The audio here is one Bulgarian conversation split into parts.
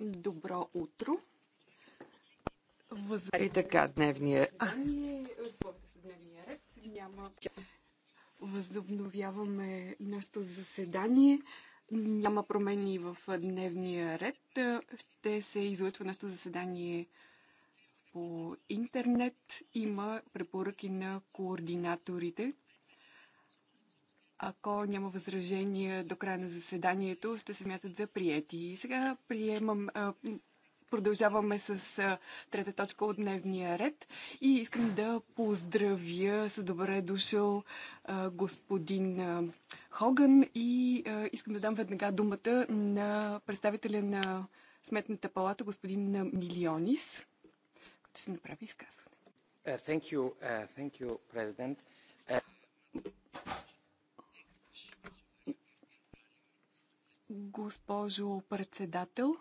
Добро утро. Въз... И така, дневния... дневния ред. Няма... Възобновяваме нашето заседание. Няма промени в дневния ред. Ще се излъчва нашето заседание по интернет. Има препоръки на координаторите – ако няма възражения до края на заседанието, ще се смятат за прияти. И сега приемам, продължаваме с трета точка от дневния ред и искам да поздравя с добре дошъл господин Хоган и искам да дам веднага думата на представителя на Сметната палата, господин Милионис, който ще направи изказване. Uh, thank you, uh, thank you, President. Uh... Госпожо председател,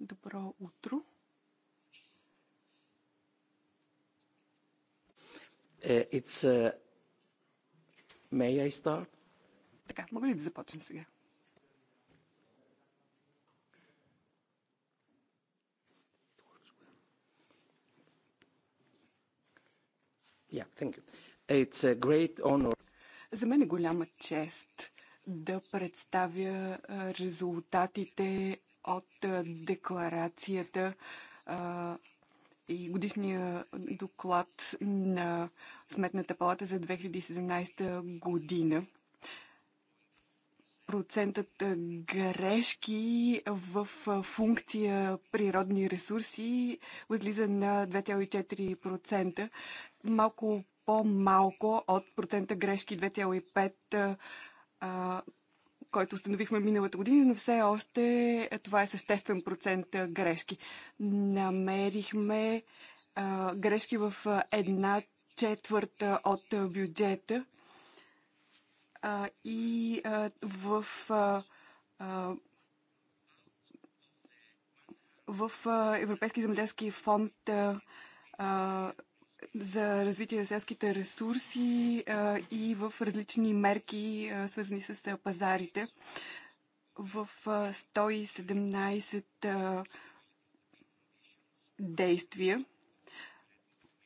добро утро. Е, it's, uh, may I start? Така, мога ли да започна сега? Yeah, thank you. It's a great honor. За мен е голяма чест да представя резултатите от декларацията и годишния доклад на Сметната палата за 2017 година. Процентът грешки в функция природни ресурси възлиза на 2,4%, малко по-малко от процента грешки 2,5% а, който установихме миналата година, но все още е, това е съществен процент грешки. Намерихме а, грешки в една четвърта от бюджета а, и а, в. А, а, в Европейски земеделски фонд а, за развитие на селските ресурси а, и в различни мерки, а, свързани с пазарите. В а, 117 а, действия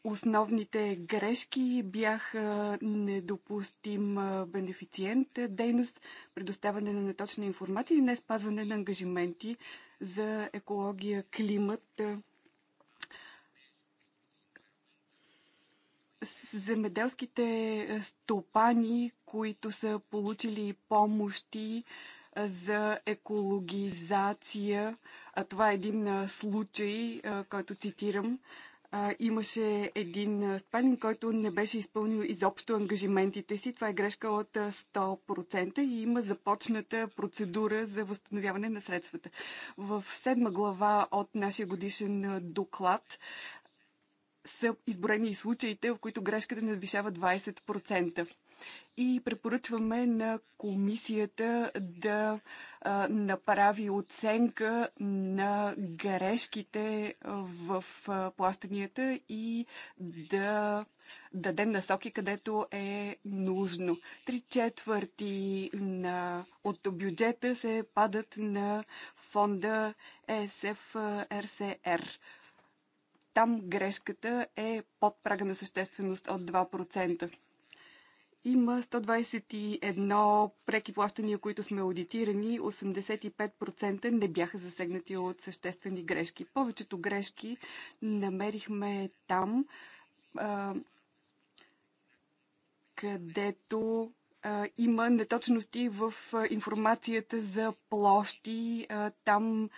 основните грешки бяха недопустим бенефициент, дейност, предоставяне на неточна информация и не спазване на ангажименти за екология, климат, земеделските е, стопани, които са получили помощи е, за екологизация. А това е един е, случай, който цитирам. Имаше един спанин, който не беше изпълнил изобщо ангажиментите си. Това е грешка от 100% и има започната процедура за възстановяване на средствата. В седма глава от нашия годишен доклад са изброени и случаите, в които грешката не надвишава 20%. И препоръчваме на комисията да а, направи оценка на грешките в а, плащанията и да даде насоки, където е нужно. Три четвърти на, от бюджета се падат на фонда ESF-RCR. Е там грешката е под прага на същественост от 2%. Има 121 преки плащания, които сме аудитирани. 85% не бяха засегнати от съществени грешки. Повечето грешки намерихме там, където има неточности в информацията за площи. там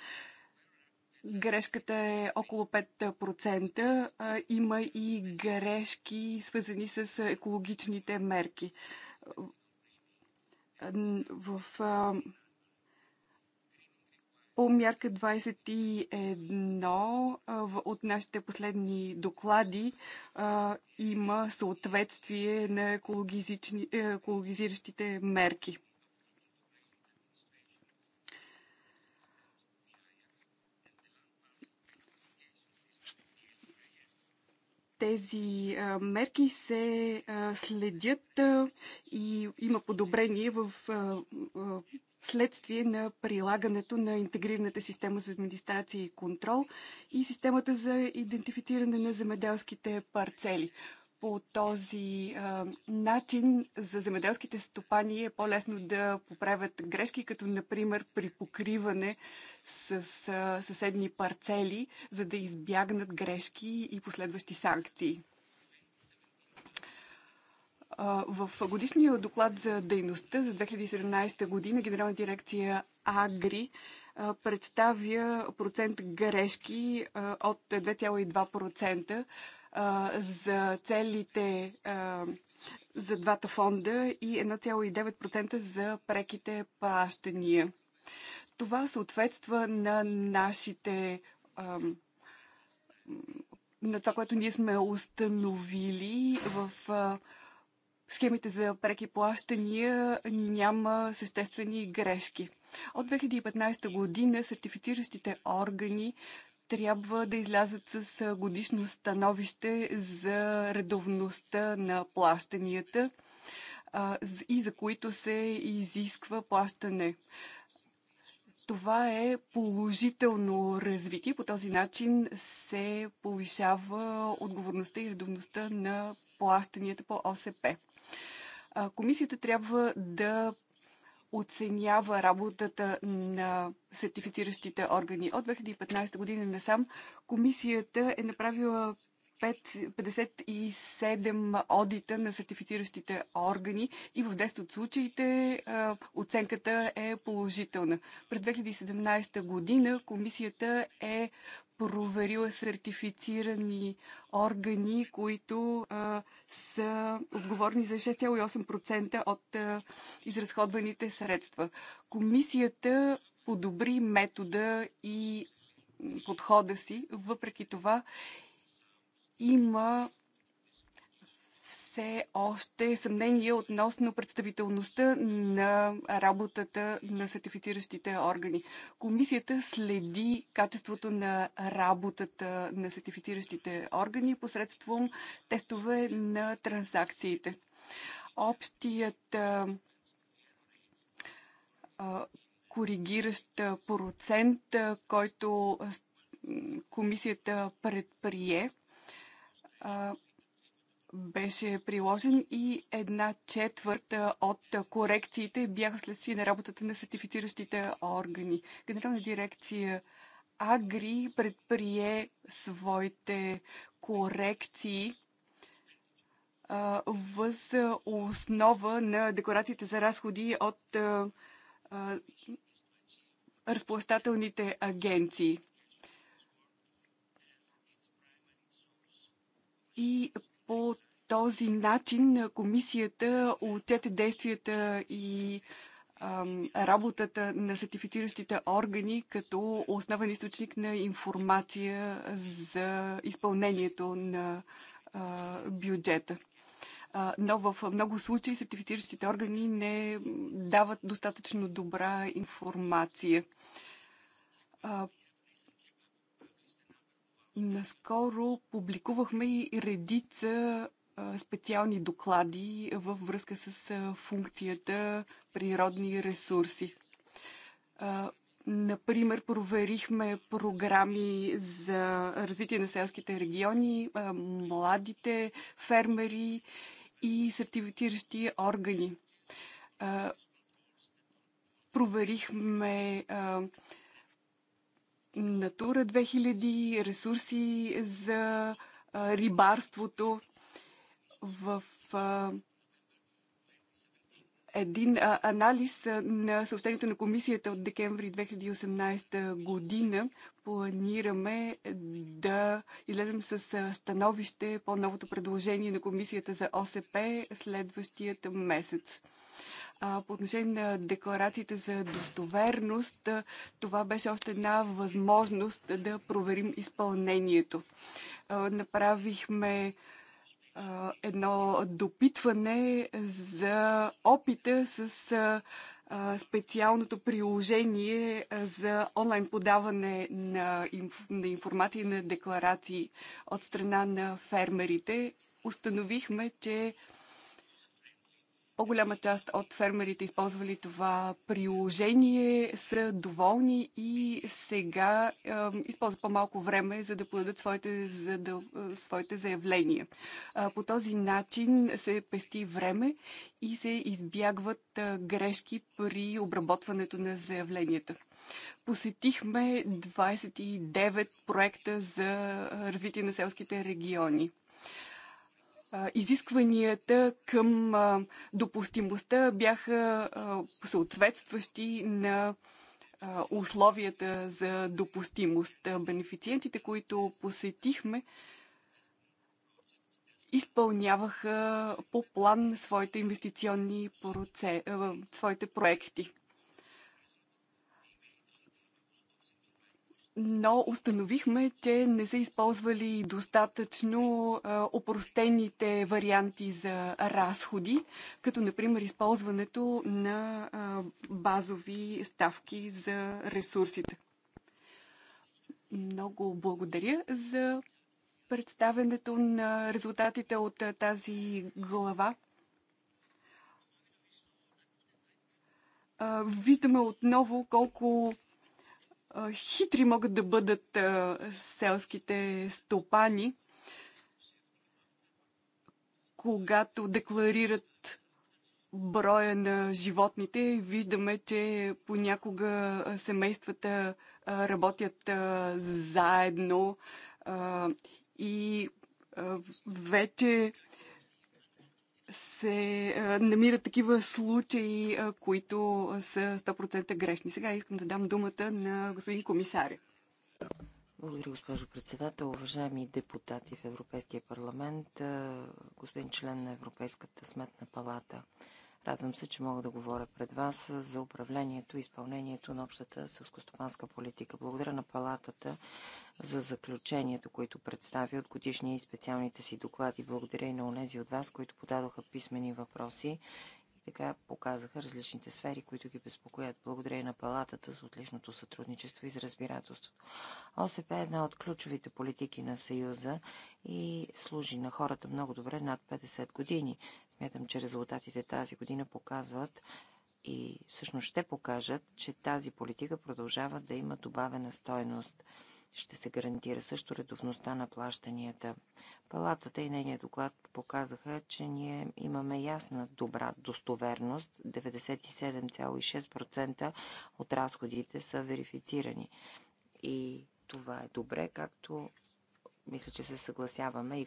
Грешката е около 5%. Има и грешки, свързани с екологичните мерки. В по мярка 21 от нашите последни доклади има съответствие на е, екологизиращите мерки. Тези мерки се следят и има подобрение в следствие на прилагането на интегрираната система за администрация и контрол и системата за идентифициране на земеделските парцели по този а, начин за земеделските стопани е по-лесно да поправят грешки, като например при покриване с а, съседни парцели, за да избягнат грешки и последващи санкции. в годишния доклад за дейността за 2017 година Генерална дирекция Агри представя процент грешки от 2,2% за целите за двата фонда и 1,9% за преките плащания. Това съответства на нашите на това, което ние сме установили в схемите за преки плащания няма съществени грешки. От 2015 година сертифициращите органи трябва да излязат с годишно становище за редовността на плащанията и за които се изисква плащане. Това е положително развитие. По този начин се повишава отговорността и редовността на плащанията по ОСП. Комисията трябва да оценява работата на сертифициращите органи. От 2015 година насам комисията е направила 57 одита на сертифициращите органи и в 10 от случаите оценката е положителна. През 2017 година комисията е проверила е сертифицирани органи, които а, са отговорни за 6,8% от а, изразходваните средства. Комисията подобри метода и подхода си, въпреки това има все още съмнение относно представителността на работата на сертифициращите органи. Комисията следи качеството на работата на сертифициращите органи посредством тестове на транзакциите. Общият а, а, коригиращ процент, а, който комисията предприе, беше приложен и една четвърта от корекциите бяха следствие на работата на сертифициращите органи. Генерална дирекция Агри предприе своите корекции въз основа на декларациите за разходи от разплащателните агенции. И по този начин комисията отчете действията и работата на сертифициращите органи като основен източник на информация за изпълнението на бюджета. но в много случаи сертифициращите органи не дават достатъчно добра информация. Наскоро публикувахме и редица специални доклади във връзка с функцията природни ресурси. Например, проверихме програми за развитие на селските региони, младите фермери и сертифициращи органи. Проверихме Натура 2000, ресурси за рибарството в а, един а, анализ на съобщението на комисията от декември 2018 година планираме да излезем с становище по новото предложение на комисията за ОСП следващият месец. По отношение на декларациите за достоверност, това беше още една възможност да проверим изпълнението. Направихме едно допитване за опита с специалното приложение за онлайн подаване на, инф, на информация на декларации от страна на фермерите. Установихме, че по-голяма част от фермерите, използвали това приложение, са доволни и сега е, използват по-малко време, за да подадат своите, за да, своите заявления. Е, по този начин се пести време и се избягват грешки при обработването на заявленията. Посетихме 29 проекта за развитие на селските региони изискванията към допустимостта бяха съответстващи на условията за допустимост. Бенефициентите, които посетихме, изпълняваха по план своите инвестиционни своите проекти. но установихме, че не са използвали достатъчно опростените варианти за разходи, като например използването на базови ставки за ресурсите. Много благодаря за представенето на резултатите от тази глава. Виждаме отново колко хитри могат да бъдат селските стопани, когато декларират броя на животните. Виждаме, че понякога семействата работят заедно и вече се намират такива случаи, които са 100% грешни. Сега искам да дам думата на господин комисаря. Благодаря, госпожо председател. Уважаеми депутати в Европейския парламент, господин член на Европейската сметна палата. Радвам се, че мога да говоря пред вас за управлението и изпълнението на общата селскостопанска политика. Благодаря на палатата за заключението, които представи от годишния и специалните си доклади. Благодаря и на унези от вас, които подадоха писмени въпроси и така показаха различните сфери, които ги безпокоят. Благодаря и на палатата за отличното сътрудничество и за разбирателството. ОСП е една от ключовите политики на Съюза и служи на хората много добре над 50 години. Смятам, че резултатите тази година показват, и всъщност ще покажат, че тази политика продължава да има добавена стойност. Ще се гарантира също редовността на плащанията. Палатата и нейният доклад показаха, че ние имаме ясна добра достоверност. 97,6% от разходите са верифицирани. И това е добре, както мисля, че се съгласяваме и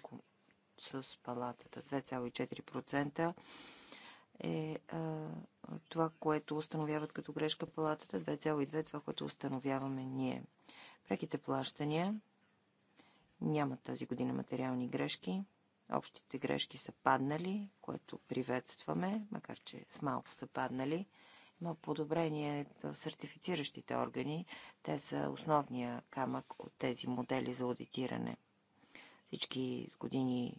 с палатата. 2,4% е а, това, което установяват като грешка палатата, 2,2 това, което установяваме ние. Преките плащания нямат тази година материални грешки. Общите грешки са паднали, което приветстваме, макар че с малко са паднали. Има подобрение в сертифициращите органи. Те са основния камък от тези модели за аудитиране. Всички години,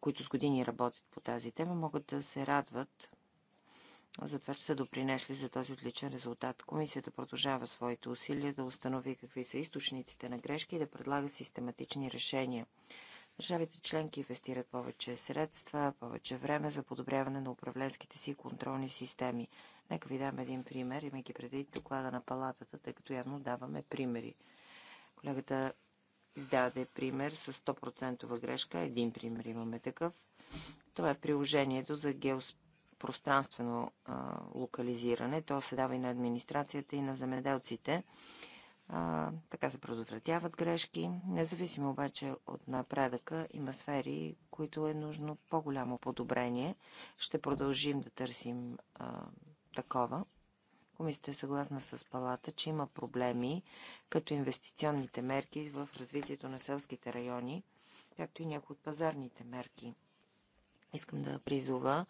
които с години работят по тази тема, могат да се радват за това, че са допринесли за този отличен резултат. Комисията продължава своите усилия да установи какви са източниците на грешки и да предлага систематични решения. Държавите членки инвестират повече средства, повече време за подобряване на управленските си контролни системи. Нека ви дам един пример, имайки предвид доклада на палатата, тъй като явно даваме примери. Колегата даде пример с 100% грешка. Един пример имаме такъв. Това е приложението за геосп пространствено а, локализиране. То се дава и на администрацията, и на земеделците. А, така се предотвратяват грешки. Независимо обаче от напредъка, има сфери, които е нужно по-голямо подобрение. Ще продължим да търсим а, такова. Комисията е съгласна с палата, че има проблеми, като инвестиционните мерки в развитието на селските райони, както и някои от пазарните мерки. Искам да призова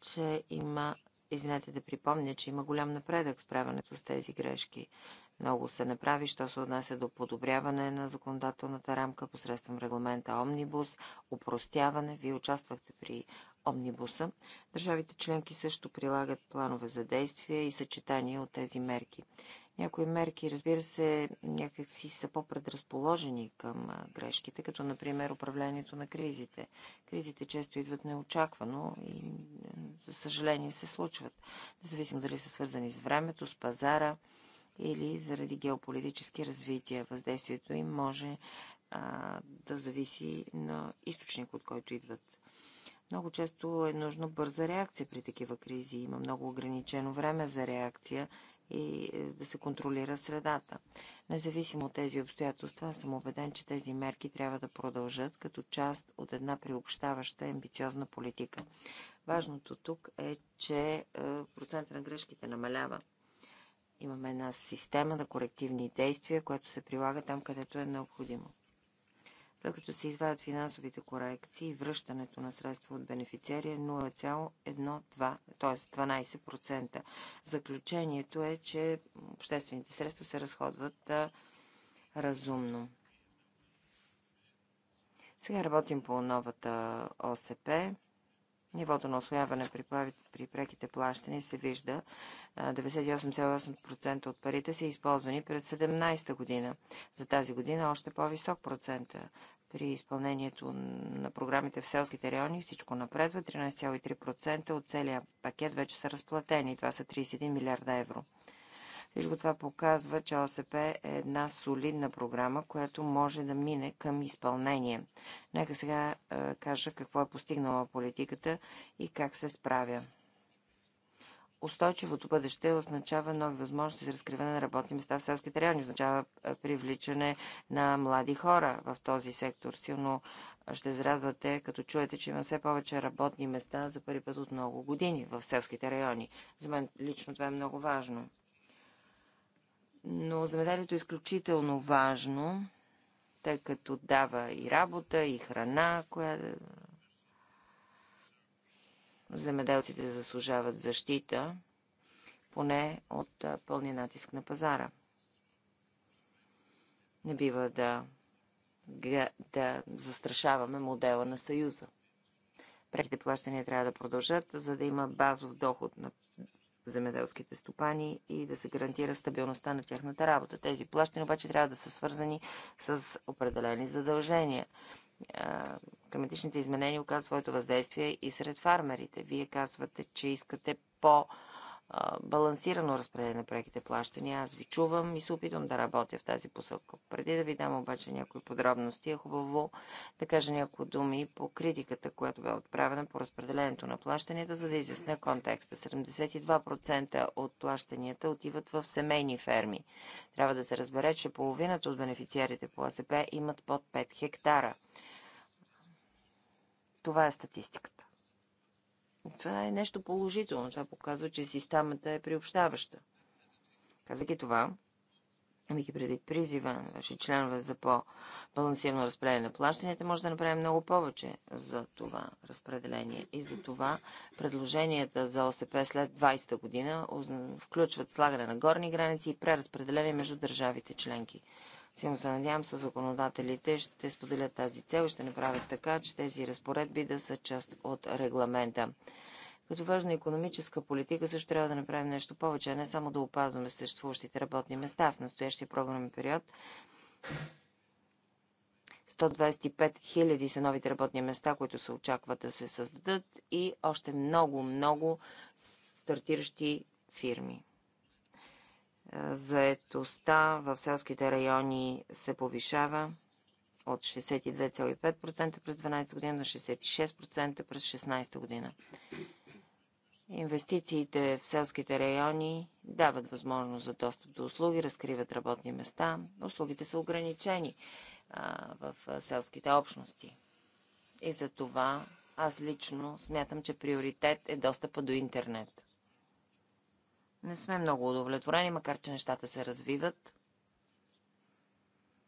че има, извинете да припомня, че има голям напредък справянето с тези грешки. Много се направи, що се отнася до подобряване на законодателната рамка посредством регламента Омнибус, упростяване. Вие участвахте при Омнибуса. Държавите членки също прилагат планове за действие и съчетание от тези мерки. Някои мерки, разбира се, някакси са по-предразположени към грешките, като например управлението на кризите. Кризите често идват неочаквано и, за съжаление, се случват. Независимо дали са свързани с времето, с пазара или заради геополитически развития. Въздействието им може а, да зависи на източник, от който идват. Много често е нужно бърза реакция при такива кризи. Има много ограничено време за реакция и е, да се контролира средата. Независимо от тези обстоятелства, съм убеден, че тези мерки трябва да продължат като част от една приобщаваща амбициозна политика. Важното тук е, че е, процентът на грешките намалява. Имаме една система на корективни действия, която се прилага там, където е необходимо. След като се извадят финансовите корекции, връщането на средства от бенефициария е 0,12, т.е. 12%. Заключението е, че обществените средства се разходват разумно. Сега работим по новата ОСП. Нивото на освояване при, при преките плащания се вижда. 98,8% от парите са използвани през 17-та година. За тази година още по-висок процент. При изпълнението на програмите в селските райони всичко напредва. 13,3% от целия пакет вече са разплатени. Това са 31 милиарда евро. Всичко това показва, че ОСП е една солидна програма, която може да мине към изпълнение. Нека сега е, кажа какво е постигнала политиката и как се справя. Устойчивото бъдеще означава нови възможности за разкриване на работни места в селските райони, означава е, привличане на млади хора в този сектор. Силно е, ще зарадвате, като чуете, че има все повече работни места за първи път от много години в селските райони. За мен лично това е много важно но земеделието е изключително важно, тъй като дава и работа, и храна, която земеделците заслужават защита, поне от пълния натиск на пазара. Не бива да, да застрашаваме модела на Съюза. Преките плащания трябва да продължат, за да има базов доход на земеделските стопани и да се гарантира стабилността на тяхната работа. Тези плащания обаче трябва да са свързани с определени задължения. Климатичните изменения оказват своето въздействие и сред фармерите. Вие казвате, че искате по- балансирано разпределение на преките плащания. Аз ви чувам и се опитвам да работя в тази посока. Преди да ви дам обаче някои подробности, е хубаво да кажа някои думи по критиката, която бе отправена по разпределението на плащанията, за да изясня контекста. 72% от плащанията отиват в семейни ферми. Трябва да се разбере, че половината от бенефициарите по АСП имат под 5 хектара. Това е статистиката. Това е нещо положително. Това показва, че системата е приобщаваща. Казвайки това, имайки предвид призива на ваши членове за по-балансирано разпределение на плащанията, може да направим много повече за това разпределение. И за това предложенията за ОСП след 20-та година включват слагане на горни граници и преразпределение между държавите членки. Силно се надявам, с законодателите ще споделят тази цел и ще направят така, че тези разпоредби да са част от регламента. Като важна економическа политика също трябва да направим нещо повече, а не само да опазваме съществуващите работни места в настоящия програмен период. 125 000 са новите работни места, които се очакват да се създадат и още много, много стартиращи фирми. Заетостта в селските райони се повишава от 62,5% през 12 година на 66% през 16 година. Инвестициите в селските райони дават възможност за достъп до услуги, разкриват работни места. Услугите са ограничени в селските общности. И за това аз лично смятам, че приоритет е достъпа до интернет. Не сме много удовлетворени, макар че нещата се развиват.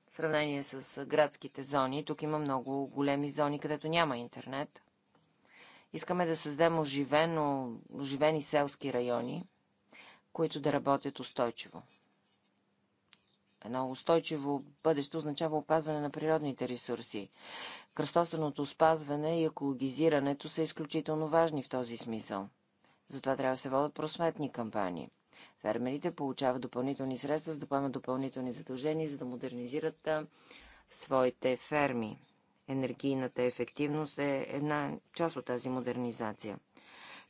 В сравнение с градските зони, тук има много големи зони, където няма интернет. Искаме да създадем оживено, оживени селски райони, които да работят устойчиво. Едно устойчиво бъдеще означава опазване на природните ресурси. Кръстосаното спазване и екологизирането са изключително важни в този смисъл – затова трябва да се водят просметни кампании. Фермерите получават допълнителни средства, за да поемат допълнителни задължения, за да модернизират своите ферми. Енергийната ефективност е една част от тази модернизация.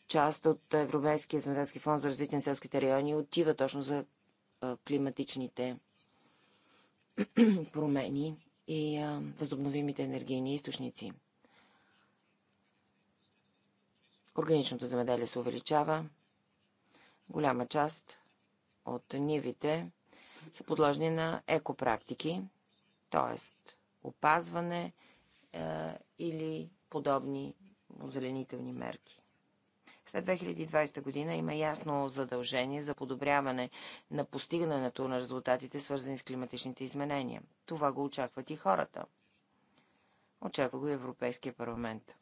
Част от Европейския земеделски фонд за развитие на селските райони отива точно за климатичните промени и възобновимите енергийни източници. Органичното земеделие се увеличава. Голяма част от нивите са подложени на екопрактики, т.е. опазване е, или подобни озеленителни мерки. След 2020 година има ясно задължение за подобряване на постигането на резултатите, свързани с климатичните изменения. Това го очакват и хората. Очаква го Европейския парламент.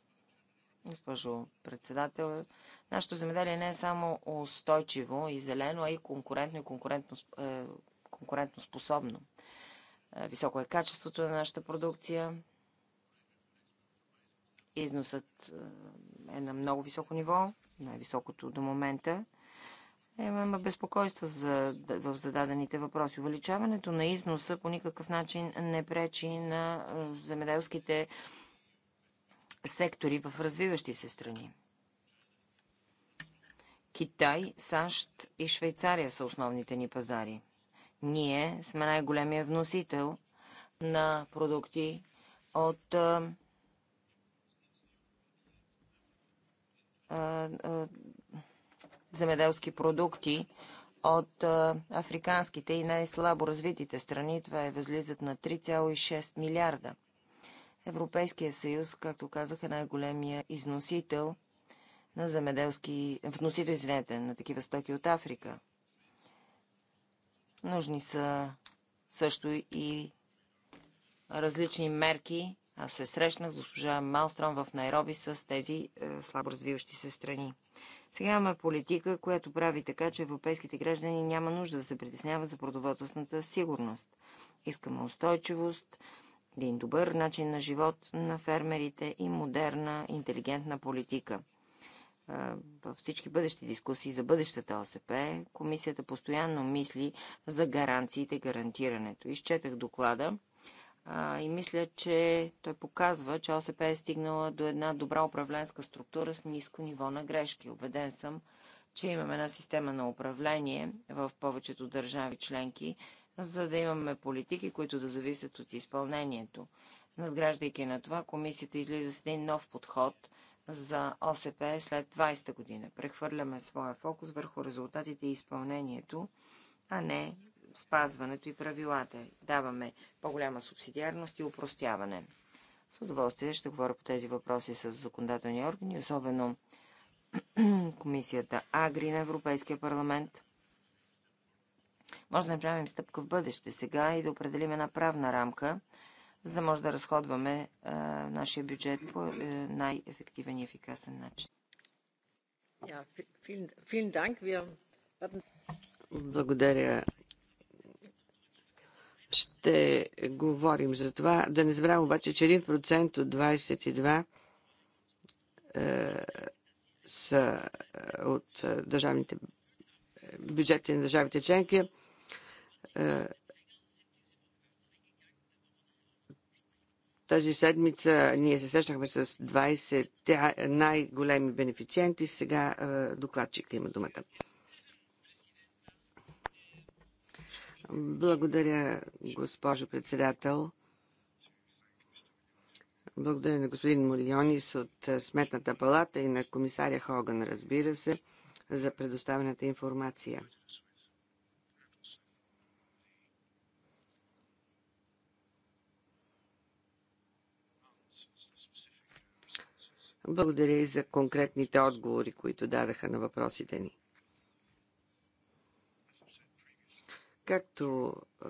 Госпожо председател, нашето земеделие не е само устойчиво и зелено, а и конкурентно и конкурентно, е, конкурентно способно. Е, високо е качеството на нашата продукция. Износът е, е на много високо ниво, най-високото до момента. Имаме безпокойства за, в зададените въпроси. Увеличаването на износа по никакъв начин не пречи на е, земеделските сектори в развиващи се страни. Китай, САЩ и Швейцария са основните ни пазари. Ние сме най-големия вносител на продукти от а, а, земеделски продукти от а, африканските и най-слабо развитите страни. Това е възлизат на 3,6 милиарда – Европейския съюз, както казах, е най-големия износител на земеделски, вносител, извинете, на такива стоки от Африка. Нужни са също и различни мерки. Аз се срещнах с госпожа Малстром в Найроби с тези е, слабо развиващи се страни. Сега имаме политика, която прави така, че европейските граждани няма нужда да се притесняват за продоволствената сигурност. Искаме устойчивост, един добър начин на живот на фермерите и модерна, интелигентна политика. Във всички бъдещи дискусии за бъдещата ОСП, комисията постоянно мисли за гаранциите, гарантирането. Изчетах доклада и мисля, че той показва, че ОСП е стигнала до една добра управленска структура с ниско ниво на грешки. Обеден съм, че имаме една система на управление в повечето държави членки, за да имаме политики, които да зависят от изпълнението. Надграждайки на това, комисията излиза с един нов подход за ОСП след 20-та година. Прехвърляме своя фокус върху резултатите и изпълнението, а не спазването и правилата. Даваме по-голяма субсидиарност и упростяване. С удоволствие ще говоря по тези въпроси с законодателни органи, особено Комисията Агри на Европейския парламент, може да направим стъпка в бъдеще сега и да определим една правна рамка, за да може да разходваме а, нашия бюджет по а, е, най-ефективен и ефикасен начин. Благодаря. Ще говорим за това. Да не забравям обаче, че 1% от 22 е, са е, от държавните бюджетите на държавите членки. Е, тази седмица ние се срещнахме с 20 най-големи бенефициенти. Сега е, докладчик има думата. Благодаря, госпожо председател. Благодаря на господин Морионис от е, Сметната палата и на комисаря Хоган, разбира се за предоставената информация. Благодаря и за конкретните отговори, които дадаха на въпросите ни. Както е,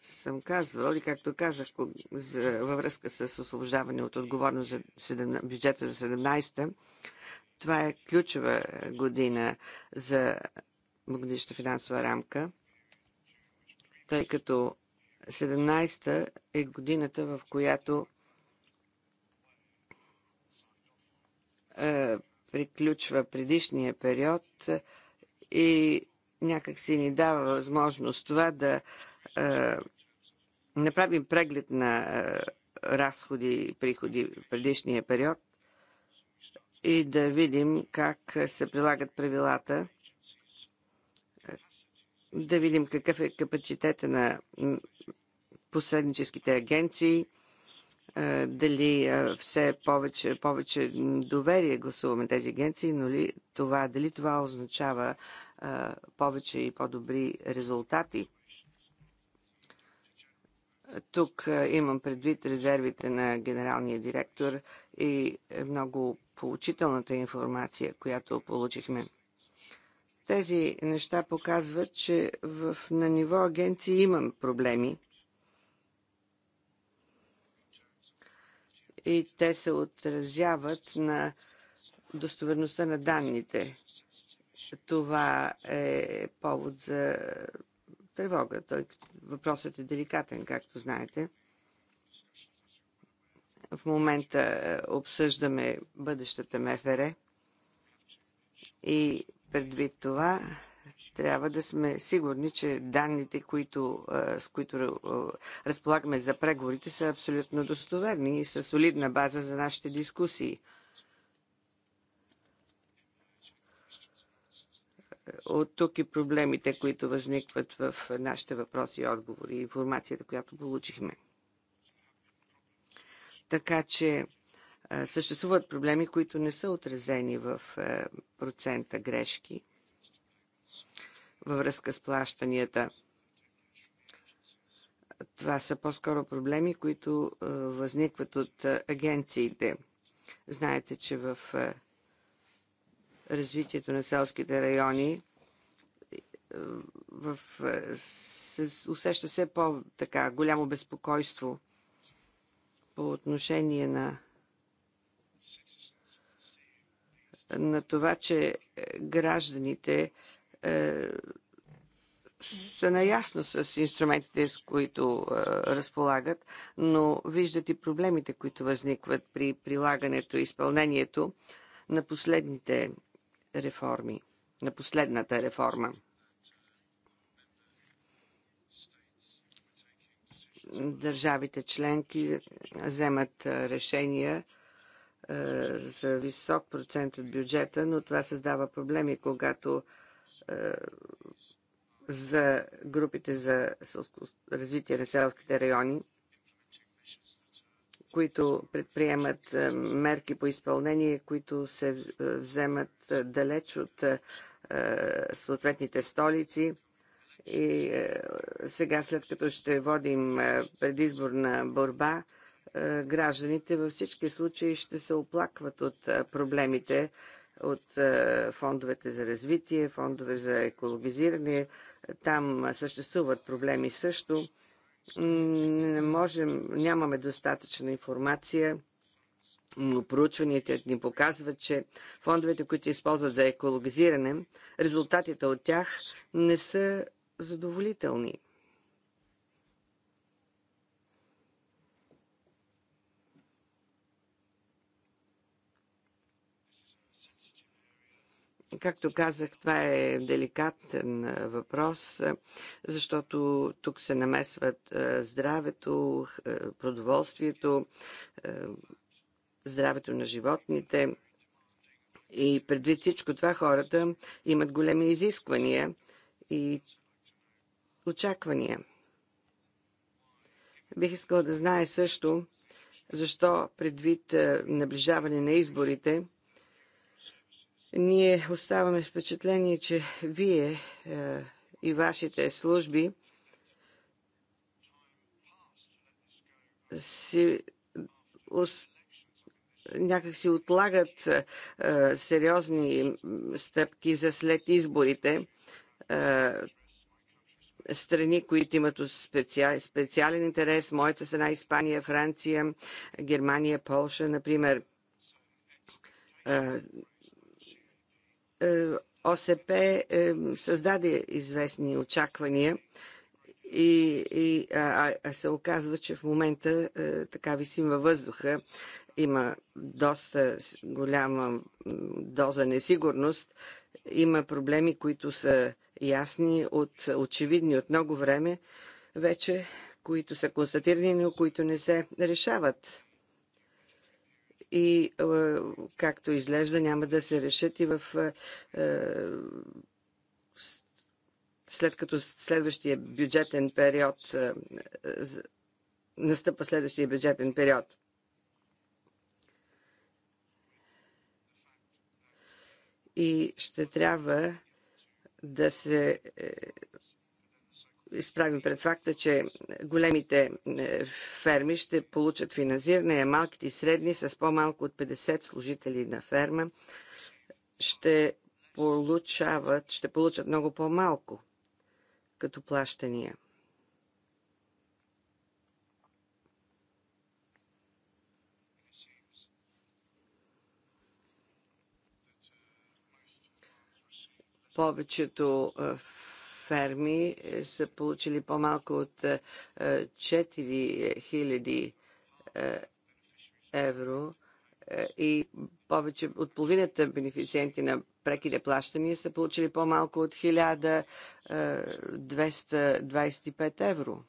съм казвал и както казах за, във връзка с освобождаване от отговорност за 7, бюджета за 17-та, това е ключова година за годишна финансова рамка, тъй като 17-та е годината, в която е, приключва предишния период и някак си ни дава възможност това да е, направим преглед на е, разходи и приходи в предишния период и да видим как се прилагат правилата, да видим какъв е капацитета на посредническите агенции, дали все повече, повече доверие гласуваме тези агенции, но ли това, дали това означава повече и по-добри резултати. Тук имам предвид резервите на генералния директор и е, много получителната информация, която получихме. Тези неща показват, че в, на ниво агенции имам проблеми. И те се отразяват на достоверността на данните. Това е повод за тревога. Той, въпросът е деликатен, както знаете. В момента е, обсъждаме бъдещата МФР и предвид това трябва да сме сигурни, че данните, които, е, с които е, разполагаме за преговорите, са абсолютно достоверни и са солидна база за нашите дискусии. От тук и проблемите, които възникват в нашите въпроси и отговори, информацията, която получихме. Така че съществуват проблеми, които не са отразени в процента грешки във връзка с плащанията. Това са по-скоро проблеми, които възникват от агенциите. Знаете, че в развитието на селските райони е, в, е, се усеща все по голямо безпокойство по отношение на на това, че е, гражданите е, са наясно с инструментите, с които е, разполагат, но виждат и проблемите, които възникват при прилагането и изпълнението на последните реформи, на последната реформа. Държавите членки вземат решения за висок процент от бюджета, но това създава проблеми, когато за групите за развитие на селските райони – които предприемат е, мерки по изпълнение, които се е, вземат е, далеч от съответните столици. И сега, след като ще водим предизборна борба, гражданите във всички случаи ще се оплакват от проблемите, от фондовете за развитие, фондове за екологизиране. Там съществуват проблеми също не можем, нямаме достатъчна информация но проучванията ни показват, че фондовете, които се използват за екологизиране, резултатите от тях не са задоволителни. Както казах, това е деликатен въпрос, защото тук се намесват здравето, продоволствието, здравето на животните. И предвид всичко това хората имат големи изисквания и очаквания. Бих искала да знае също защо предвид наближаване на изборите – ние оставаме с впечатление, че вие е, и вашите служби си ос, някак си отлагат е, сериозни стъпки за след изборите. Е, страни, които имат специал, специален интерес, моята страна Испания, Франция, Германия, Полша, например. Е, е, ОСП е, създаде известни очаквания и, и а, а се оказва, че в момента а, е, така висим във въздуха. Има доста голяма доза несигурност. Има проблеми, които са ясни, от, очевидни от много време вече, които са констатирани, но които не се решават и е, както изглежда няма да се решат и в е, е, след като следващия бюджетен период настъпа следващия бюджетен период. И ще трябва да се изправим пред факта, че големите е, ферми ще получат финансиране, а малките и средни с по-малко от 50 служители на ферма ще получават, ще получат много по-малко като плащания. Повечето е, ферми е, са получили по-малко от 4000 е, е, евро и повече от половината бенефициенти на преките плащания са получили по-малко от 1225 евро.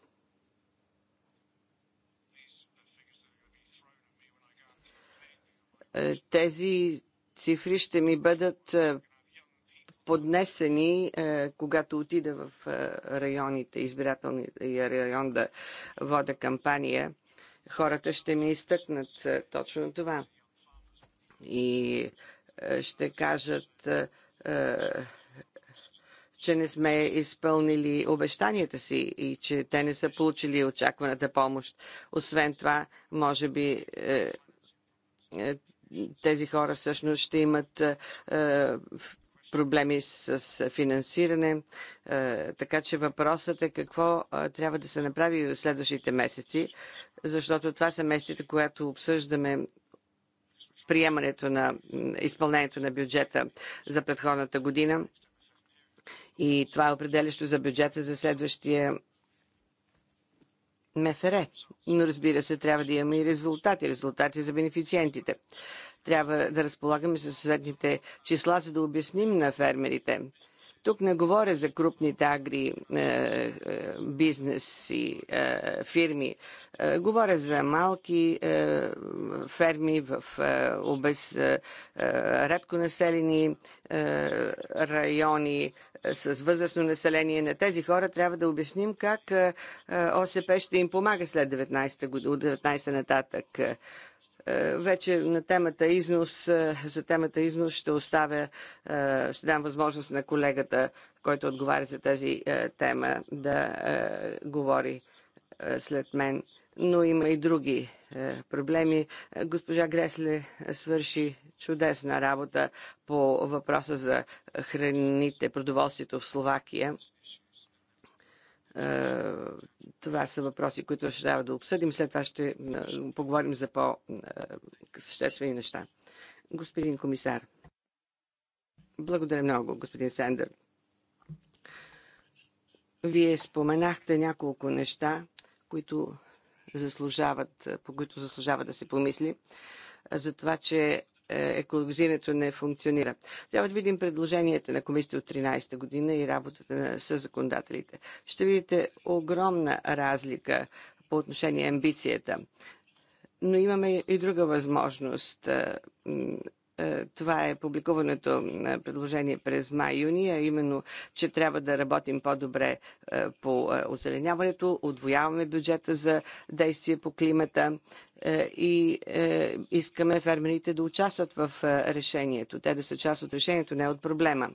Тези цифри ще ми бъдат поднесени, е, когато отида в е, районите, избирателния район да вода кампания. Хората ще ми изтъкнат е, точно това. И ще кажат, че не сме изпълнили обещанията си и че те не са получили очакваната помощ. Освен това, може би тези хора всъщност ще имат проблеми с финансиране. Е, така че въпросът е какво е, трябва да се направи в следващите месеци, защото това са месеците, когато обсъждаме приемането на изпълнението на бюджета за предходната година. И това е определящо за бюджета за следващия МФР. Но разбира се, трябва да имаме и резултати, резултати за бенефициентите трябва да разполагаме със съответните числа, за да обясним на фермерите. Тук не говоря за крупните агри е, е, бизнес и е, фирми. говоря за малки ферми в обез, редко населени райони с възрастно население. На тези хора трябва да обясним как ОСП ще им помага след 19 година, от 19 нататък. Е, вече на темата износ, е, за темата износ ще оставя, е, ще дам възможност на колегата, който отговаря за тази тема, да говори след мен. Но има и други проблеми. Госпожа Гресле свърши чудесна работа по въпроса за храните, продоволствието в Словакия е, това са въпроси, които ще трябва да обсъдим. След това ще е, поговорим за по-съществени е, неща. Господин комисар, благодаря много, господин Сендър. Вие споменахте няколко неща, които заслужават, по които заслужава да се помисли, за това, че е, екологизирането не функционира. Трябва да видим предложенията на комисията от 13-та година и работата на, с законодателите. Ще видите огромна разлика по отношение амбицията. Но имаме и друга възможност е, е, това е публикуването на е, предложение през май-юни, а именно, че трябва да работим по-добре е, по озеленяването, отвояваме бюджета за действие по климата и искаме фермерите да участват в решението. Те да са част от решението, не от проблема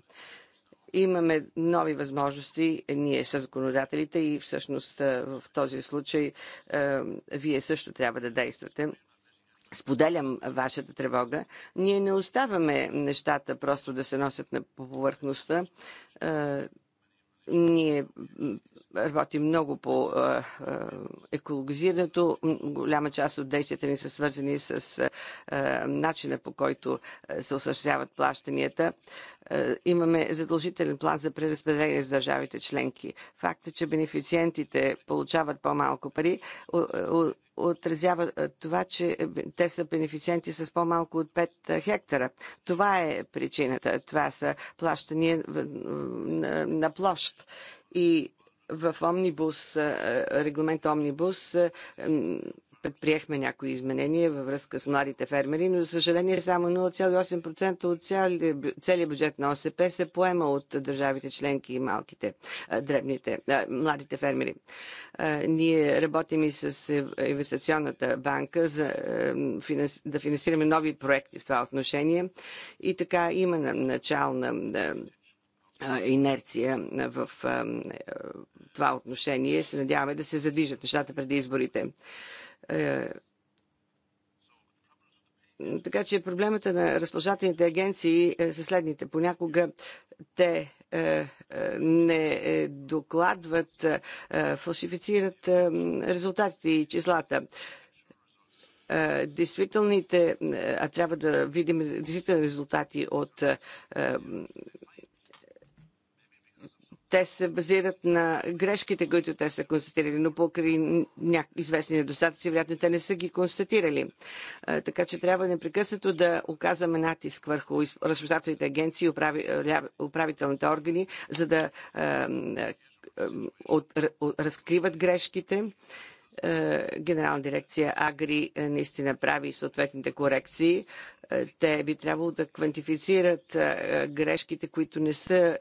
имаме нови възможности ние с законодателите и всъщност в този случай вие също трябва да действате. Споделям вашата тревога. Ние не оставаме нещата просто да се носят на повърхността. Е, ние работим много по е, е, екологизирането. Голяма част от действията ни са свързани с начина по който се осъществяват плащанията. Имаме задължителен план за преразпределение с държавите членки. Факта, че бенефициентите получават по-малко пари, отразява това, че е, те са бенефициенти с по-малко от 5 хектара. Това е причината. Това са плащания на площ. И в Омнибус, регламент Омнибус, предприехме някои изменения във връзка с младите фермери, но за съжаление само 0,8% от целият бюджет на ОСП се поема от държавите членки и малките, дребните, младите фермери. Ние работим и с е, инвестиционната банка за да финансираме нови проекти в това отношение и така има начална инерция в това отношение. Се надяваме да се задвижат нещата преди изборите. Е, така че проблемата на разплащателните агенции е, са следните. Понякога те е, не докладват, фалшифицират резултатите и числата действителните, а трябва да видим действителни резултати от те се базират на грешките, които те са констатирали, но покрай известни недостатъци, вероятно те не са ги констатирали. Така че трябва непрекъснато да оказваме натиск върху разпознателните агенции и управителните органи, за да разкриват грешките е, генерална дирекция Агри е, наистина прави съответните корекции. Е, те би трябвало да квантифицират грешките, които не са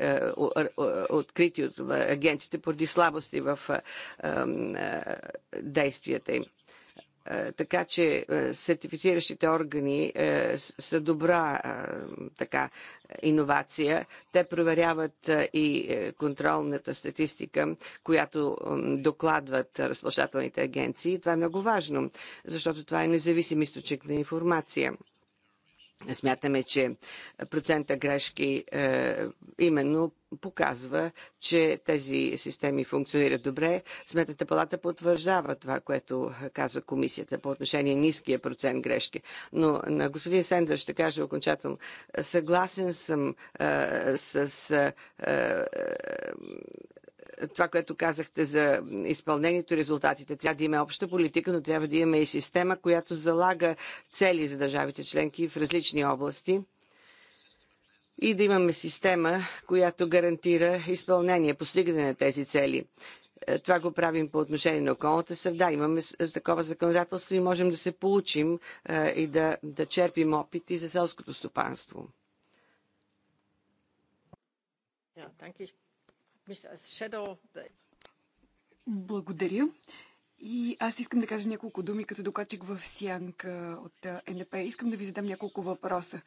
открити от агенците поради слабости в действията им. Е, така че е, сертифициращите органи е, са добра така иновация. Те проверяват и контролната статистика, която докладват разплащателните агенции. Това е много важно, защото това е независим източник на информация. Смятаме, че процента грешки е, именно показва, че тези системи функционират добре. Сметната палата потвърждава това, което казва комисията по отношение на ниския процент грешки. Но на господин Сендър ще кажа окончателно. Съгласен съм е, с. Е, е това, което казахте за изпълнението, резултатите. Трябва да има обща политика, но трябва да имаме и система, която залага цели за държавите членки в различни области и да имаме система, която гарантира изпълнение, постигане на тези цели. Е, това го правим по отношение на околната среда. Имаме такова законодателство и можем да се получим е, и да, да черпим опит и за селското стопанство. Yeah, благодаря. И аз искам да кажа няколко думи като докладчик в Сянка от НДП. Искам да ви задам няколко въпроса.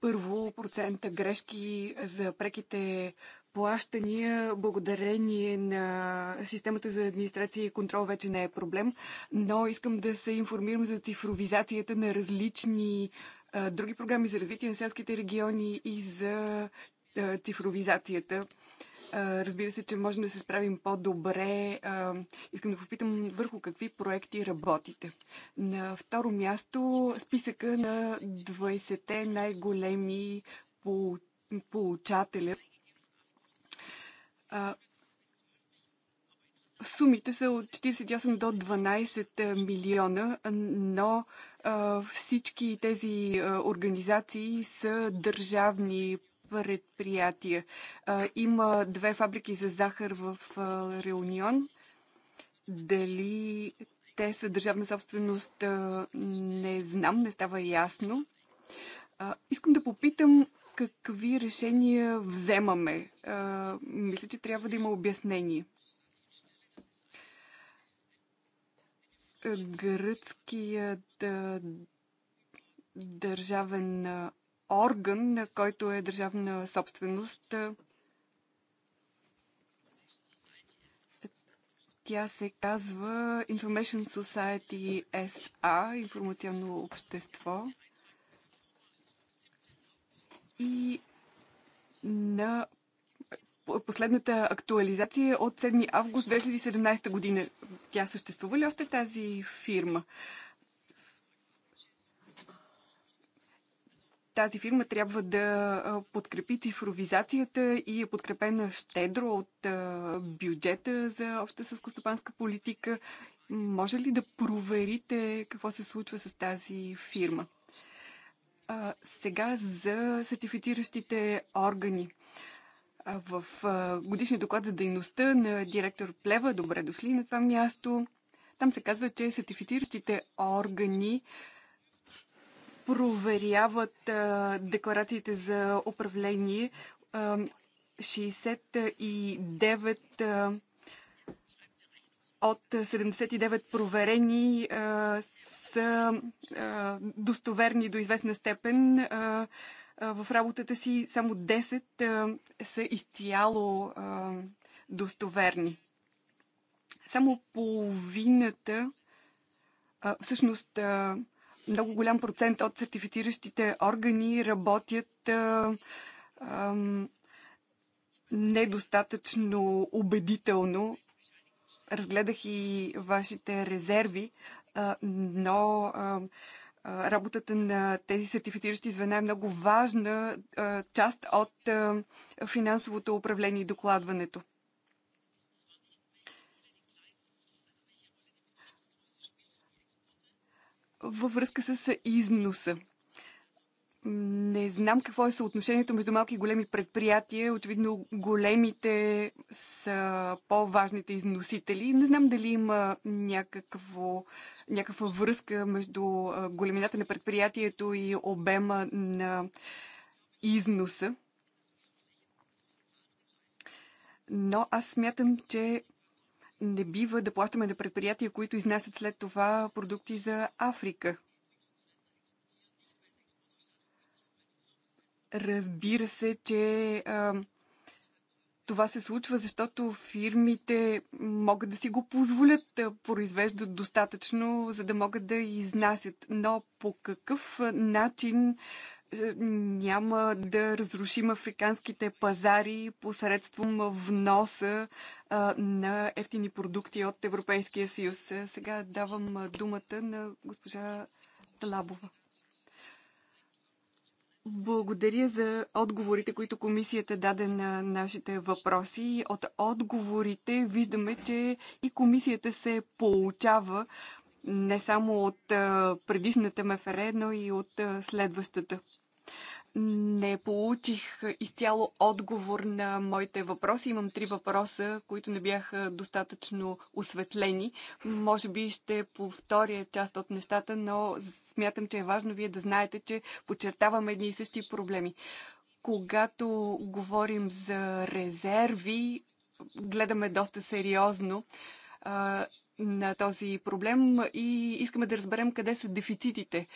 Първо, процента грешки за преките плащания благодарение на системата за администрация и контрол вече не е проблем, но искам да се информирам за цифровизацията на различни други програми за развитие на селските региони и за цифровизацията Разбира се, че можем да се справим по-добре. Искам да попитам върху какви проекти работите. На второ място списъка на 20-те най-големи получателя. Сумите са от 48 до 12 милиона, но всички тези организации са държавни предприятия. Има две фабрики за захар в Реунион. Дали те са държавна собственост, не знам, не става ясно. Искам да попитам какви решения вземаме. Мисля, че трябва да има обяснение. Гръцкият държавен орган, на който е държавна собственост. Тя се казва Information Society SA, информационно общество. И на последната актуализация е от 7 август 2017 година. Тя съществува ли още тази фирма? тази фирма трябва да подкрепи цифровизацията и е подкрепена щедро от бюджета за обща съскостопанска политика. Може ли да проверите какво се случва с тази фирма? А, сега за сертифициращите органи. А, в а, годишния доклад за дейността на директор Плева, добре дошли на това място, там се казва, че сертифициращите органи проверяват декларациите за управление. 69 от 79 проверени са достоверни до известна степен. В работата си само 10 са изцяло достоверни. Само половината, всъщност много голям процент от сертифициращите органи работят недостатъчно убедително. Разгледах и вашите резерви, но работата на тези сертифициращи звена е много важна част от финансовото управление и докладването. във връзка с износа. Не знам какво е съотношението между малки и големи предприятия. Очевидно, големите са по-важните износители. Не знам дали има някакво, някаква връзка между големината на предприятието и обема на износа. Но аз смятам, че не бива да плащаме на предприятия, които изнасят след това продукти за Африка. Разбира се, че а, това се случва, защото фирмите могат да си го позволят да произвеждат достатъчно, за да могат да изнасят. Но по какъв начин е, няма да разрушим африканските пазари посредством вноса на ефтини продукти от Европейския съюз. Сега давам думата на госпожа Талабова. Благодаря за отговорите, които комисията даде на нашите въпроси. От отговорите виждаме, че и комисията се получава не само от предишната МФР, но и от следващата. Не получих изцяло отговор на моите въпроси. Имам три въпроса, които не бяха достатъчно осветлени. Може би ще повторя част от нещата, но смятам, че е важно вие да знаете, че подчертаваме едни и същи проблеми. Когато говорим за резерви, гледаме доста сериозно на този проблем и искаме да разберем къде са дефицитите.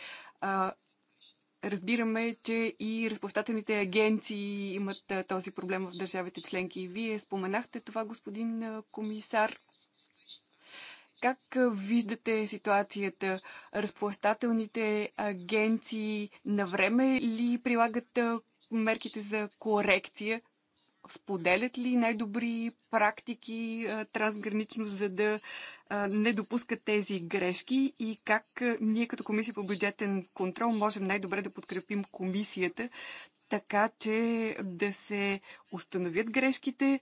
Разбираме, че и разплащателните агенции имат този проблем в държавите членки. Вие споменахте това, господин комисар. Как виждате ситуацията? Разплащателните агенции на време ли прилагат мерките за корекция? споделят ли най-добри практики трансгранично, за да не допускат тези грешки и как ние като Комисия по бюджетен контрол можем най-добре да подкрепим комисията, така че да се установят грешките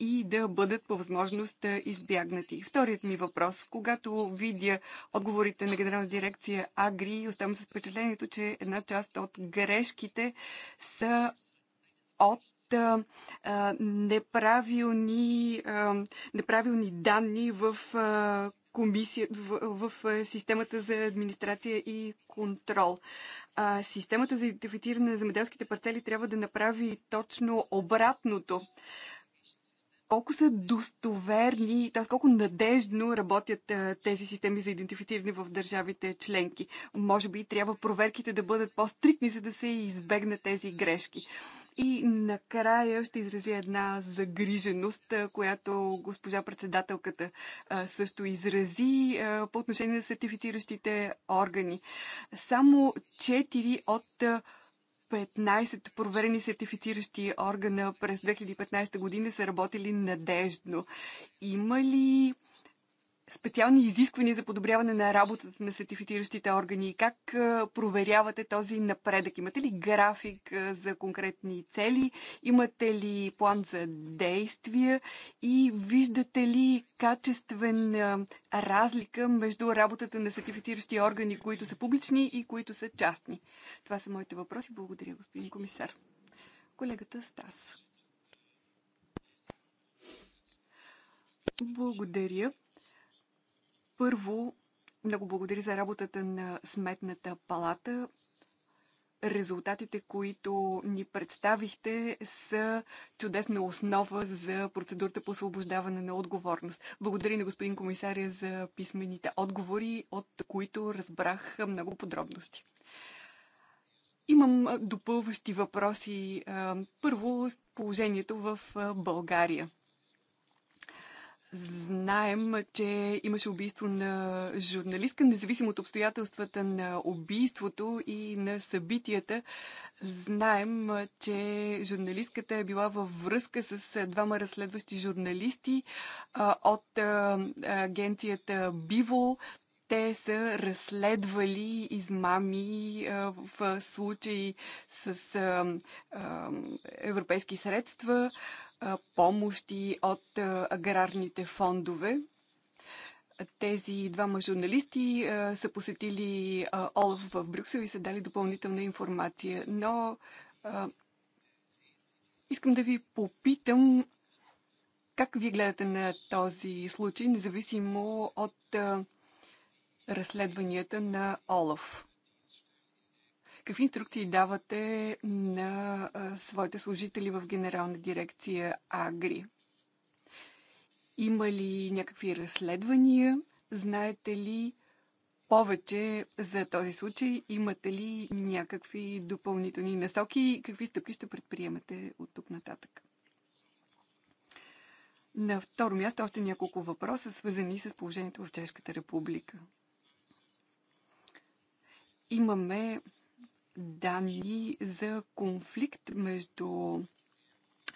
и да бъдат по възможност избягнати. Вторият ми въпрос. Когато видя отговорите на Генерална дирекция Агри, оставам с впечатлението, че една част от грешките са от неправилни, неправилни данни в комисия, в, в системата за администрация и контрол. А, системата за идентифициране на земеделските парцели трябва да направи точно обратното. Колко са достоверни, т.е. колко надежно работят а, тези системи за идентифициране в държавите членки. Може би трябва проверките да бъдат по-стрикни, за да се избегнат тези грешки. И накрая ще изрази една загриженост, която госпожа председателката също изрази по отношение на сертифициращите органи. Само 4 от 15 проверени сертифициращи органа през 2015 година са работили надеждно. Има ли специални изисквания за подобряване на работата на сертифициращите органи? Как проверявате този напредък? Имате ли график за конкретни цели? Имате ли план за действия? И виждате ли качествен разлика между работата на сертифициращи органи, които са публични и които са частни? Това са моите въпроси. Благодаря, господин комисар. Колегата Стас. Благодаря. Първо, много благодаря за работата на Сметната палата. Резултатите, които ни представихте, са чудесна основа за процедурата по освобождаване на отговорност. Благодаря на господин комисаря за писмените отговори, от които разбрах много подробности. Имам допълващи въпроси. Първо, положението в България. Знаем, че имаше убийство на журналистка, независимо от обстоятелствата на убийството и на събитията. Знаем, че журналистката е била във връзка с двама разследващи журналисти от агенцията Бивол. Те са разследвали измами в случаи с европейски средства помощи от аграрните фондове. Тези двама журналисти са посетили Олаф в Брюксел и са дали допълнителна информация. Но искам да ви попитам как ви гледате на този случай, независимо от разследванията на Олаф? Какви инструкции давате на своите служители в Генерална дирекция Агри? Има ли някакви разследвания? Знаете ли повече за този случай? Имате ли някакви допълнителни насоки? Какви стъпки ще предприемате от тук нататък? На второ място още няколко въпроса, свързани с положението в Чешката република. Имаме данни за конфликт между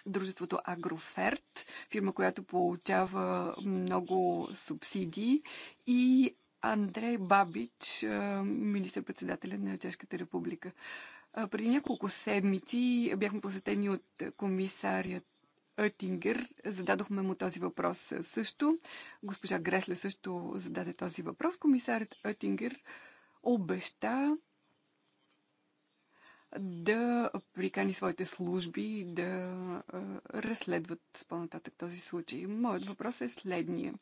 дружеството Агроферт, фирма, която получава много субсидии, и Андрей Бабич, министър-председателя на Чешката република. Преди няколко седмици бяхме посетени от комисарят Тингер. Зададохме му този въпрос също. Госпожа Гресле също зададе този въпрос. Комисарят Тингер обеща да прикани своите служби да разследват по-нататък този случай. Моят въпрос е следния.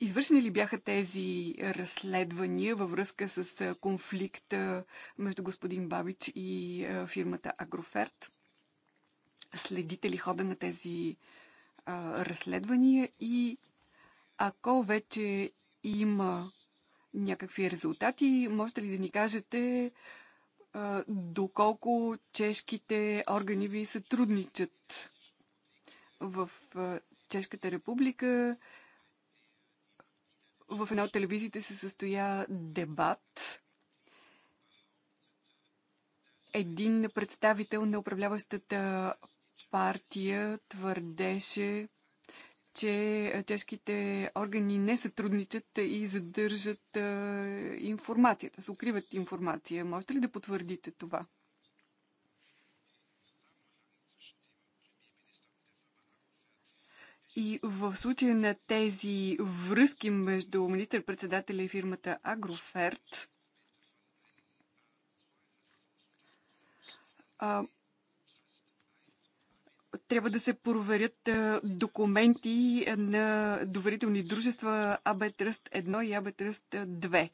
Извършени ли бяха тези разследвания във връзка с конфликта между господин Бабич и фирмата Агроферт? Следите ли хода на тези разследвания и ако вече има някакви резултати. Можете ли да ни кажете доколко чешките органи ви сътрудничат в Чешката република? В една от телевизиите се състоя дебат. Един представител на управляващата партия твърдеше, че чешките органи не сътрудничат и задържат информацията, се укриват информация. Можете ли да потвърдите това? И в случая на тези връзки между министър-председателя и фирмата Агроферт, трябва да се проверят документи на доверителни дружества АБ Тръст 1 и АБ Тръст 2.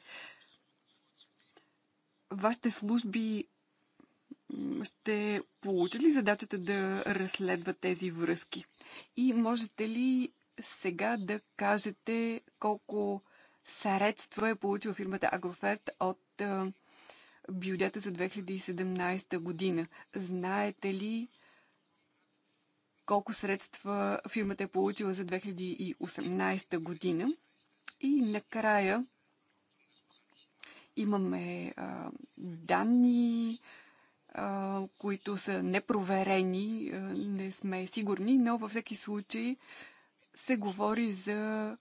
Вашите служби ще получат ли задачата да разследват тези връзки? И можете ли сега да кажете колко средства е получила фирмата Агроферт от бюджета за 2017 година? Знаете ли колко средства фирмата е получила за 2018 година. И накрая имаме а, данни, а, които са непроверени, а, не сме сигурни, но във всеки случай се говори за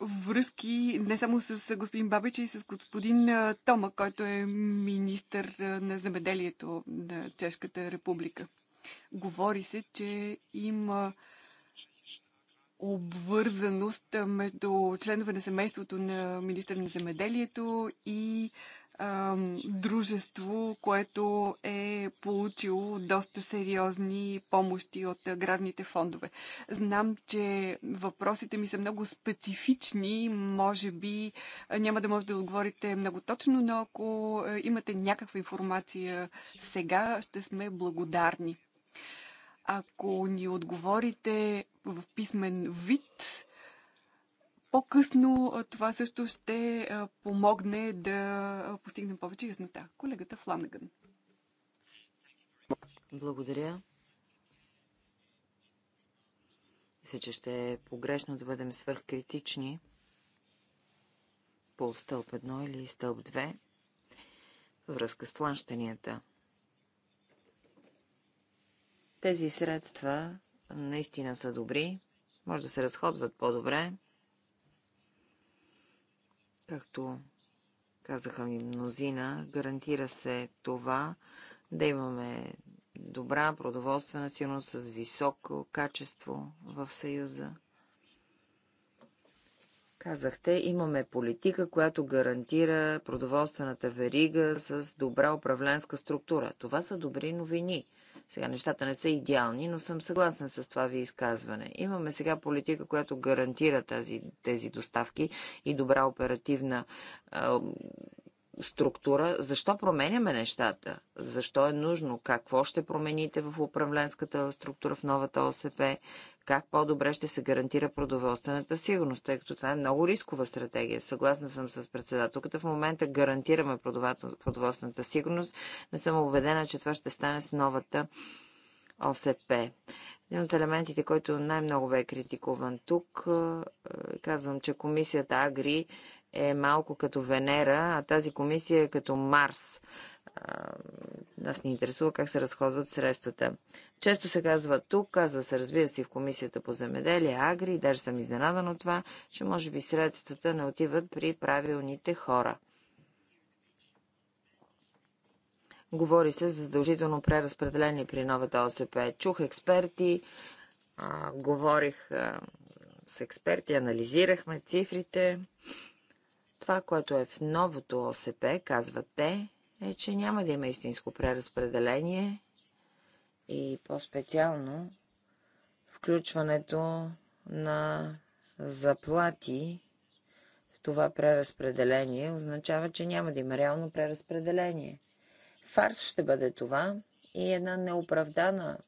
връзки не само с господин Бабич, и с господин Тома, който е министър на земеделието на Чешката република. Говори се, че има обвързаност между членове на семейството на министър на земеделието и дружество, което е получило доста сериозни помощи от аграрните фондове. Знам, че въпросите ми са много специфични, може би няма да може да отговорите много точно, но ако имате някаква информация сега, ще сме благодарни. Ако ни отговорите в писмен вид, по-късно това също ще помогне да постигнем повече яснота. Колегата Фланаган. Благодаря. Мисля, че ще е погрешно да бъдем свърхкритични по стълб 1 или стълб 2 във връзка с плащанията. Тези средства наистина са добри, може да се разходват по-добре, Както казаха ми мнозина, гарантира се това да имаме добра продоволствена сигурност с високо качество в Съюза. Казахте, имаме политика, която гарантира продоволствената верига с добра управленска структура. Това са добри новини. Сега нещата не са идеални, но съм съгласна с това ви изказване. Имаме сега политика, която гарантира тази, тези доставки и добра оперативна структура, защо променяме нещата? Защо е нужно? Какво ще промените в управленската структура в новата ОСП? Как по-добре ще се гарантира продоволствената сигурност, тъй като това е много рискова стратегия. Съгласна съм с председателката. В момента гарантираме продоволствената сигурност. Не съм убедена, че това ще стане с новата ОСП. Един от елементите, който най-много бе критикуван тук, е, казвам, че комисията Агри е малко като Венера, а тази комисия е като Марс. Нас ни интересува как се разходват средствата. Често се казва тук, казва се, разбира се, в Комисията по земеделие, Агри, и даже съм изненадан от това, че може би средствата не отиват при правилните хора. Говори се за задължително преразпределение при новата ОСП. Чух експерти, а, говорих а, с експерти, анализирахме цифрите. Това, което е в новото ОСП, казват те, е, че няма да има истинско преразпределение и по-специално включването на заплати в това преразпределение означава, че няма да има реално преразпределение. Фарс ще бъде това и една неоправдана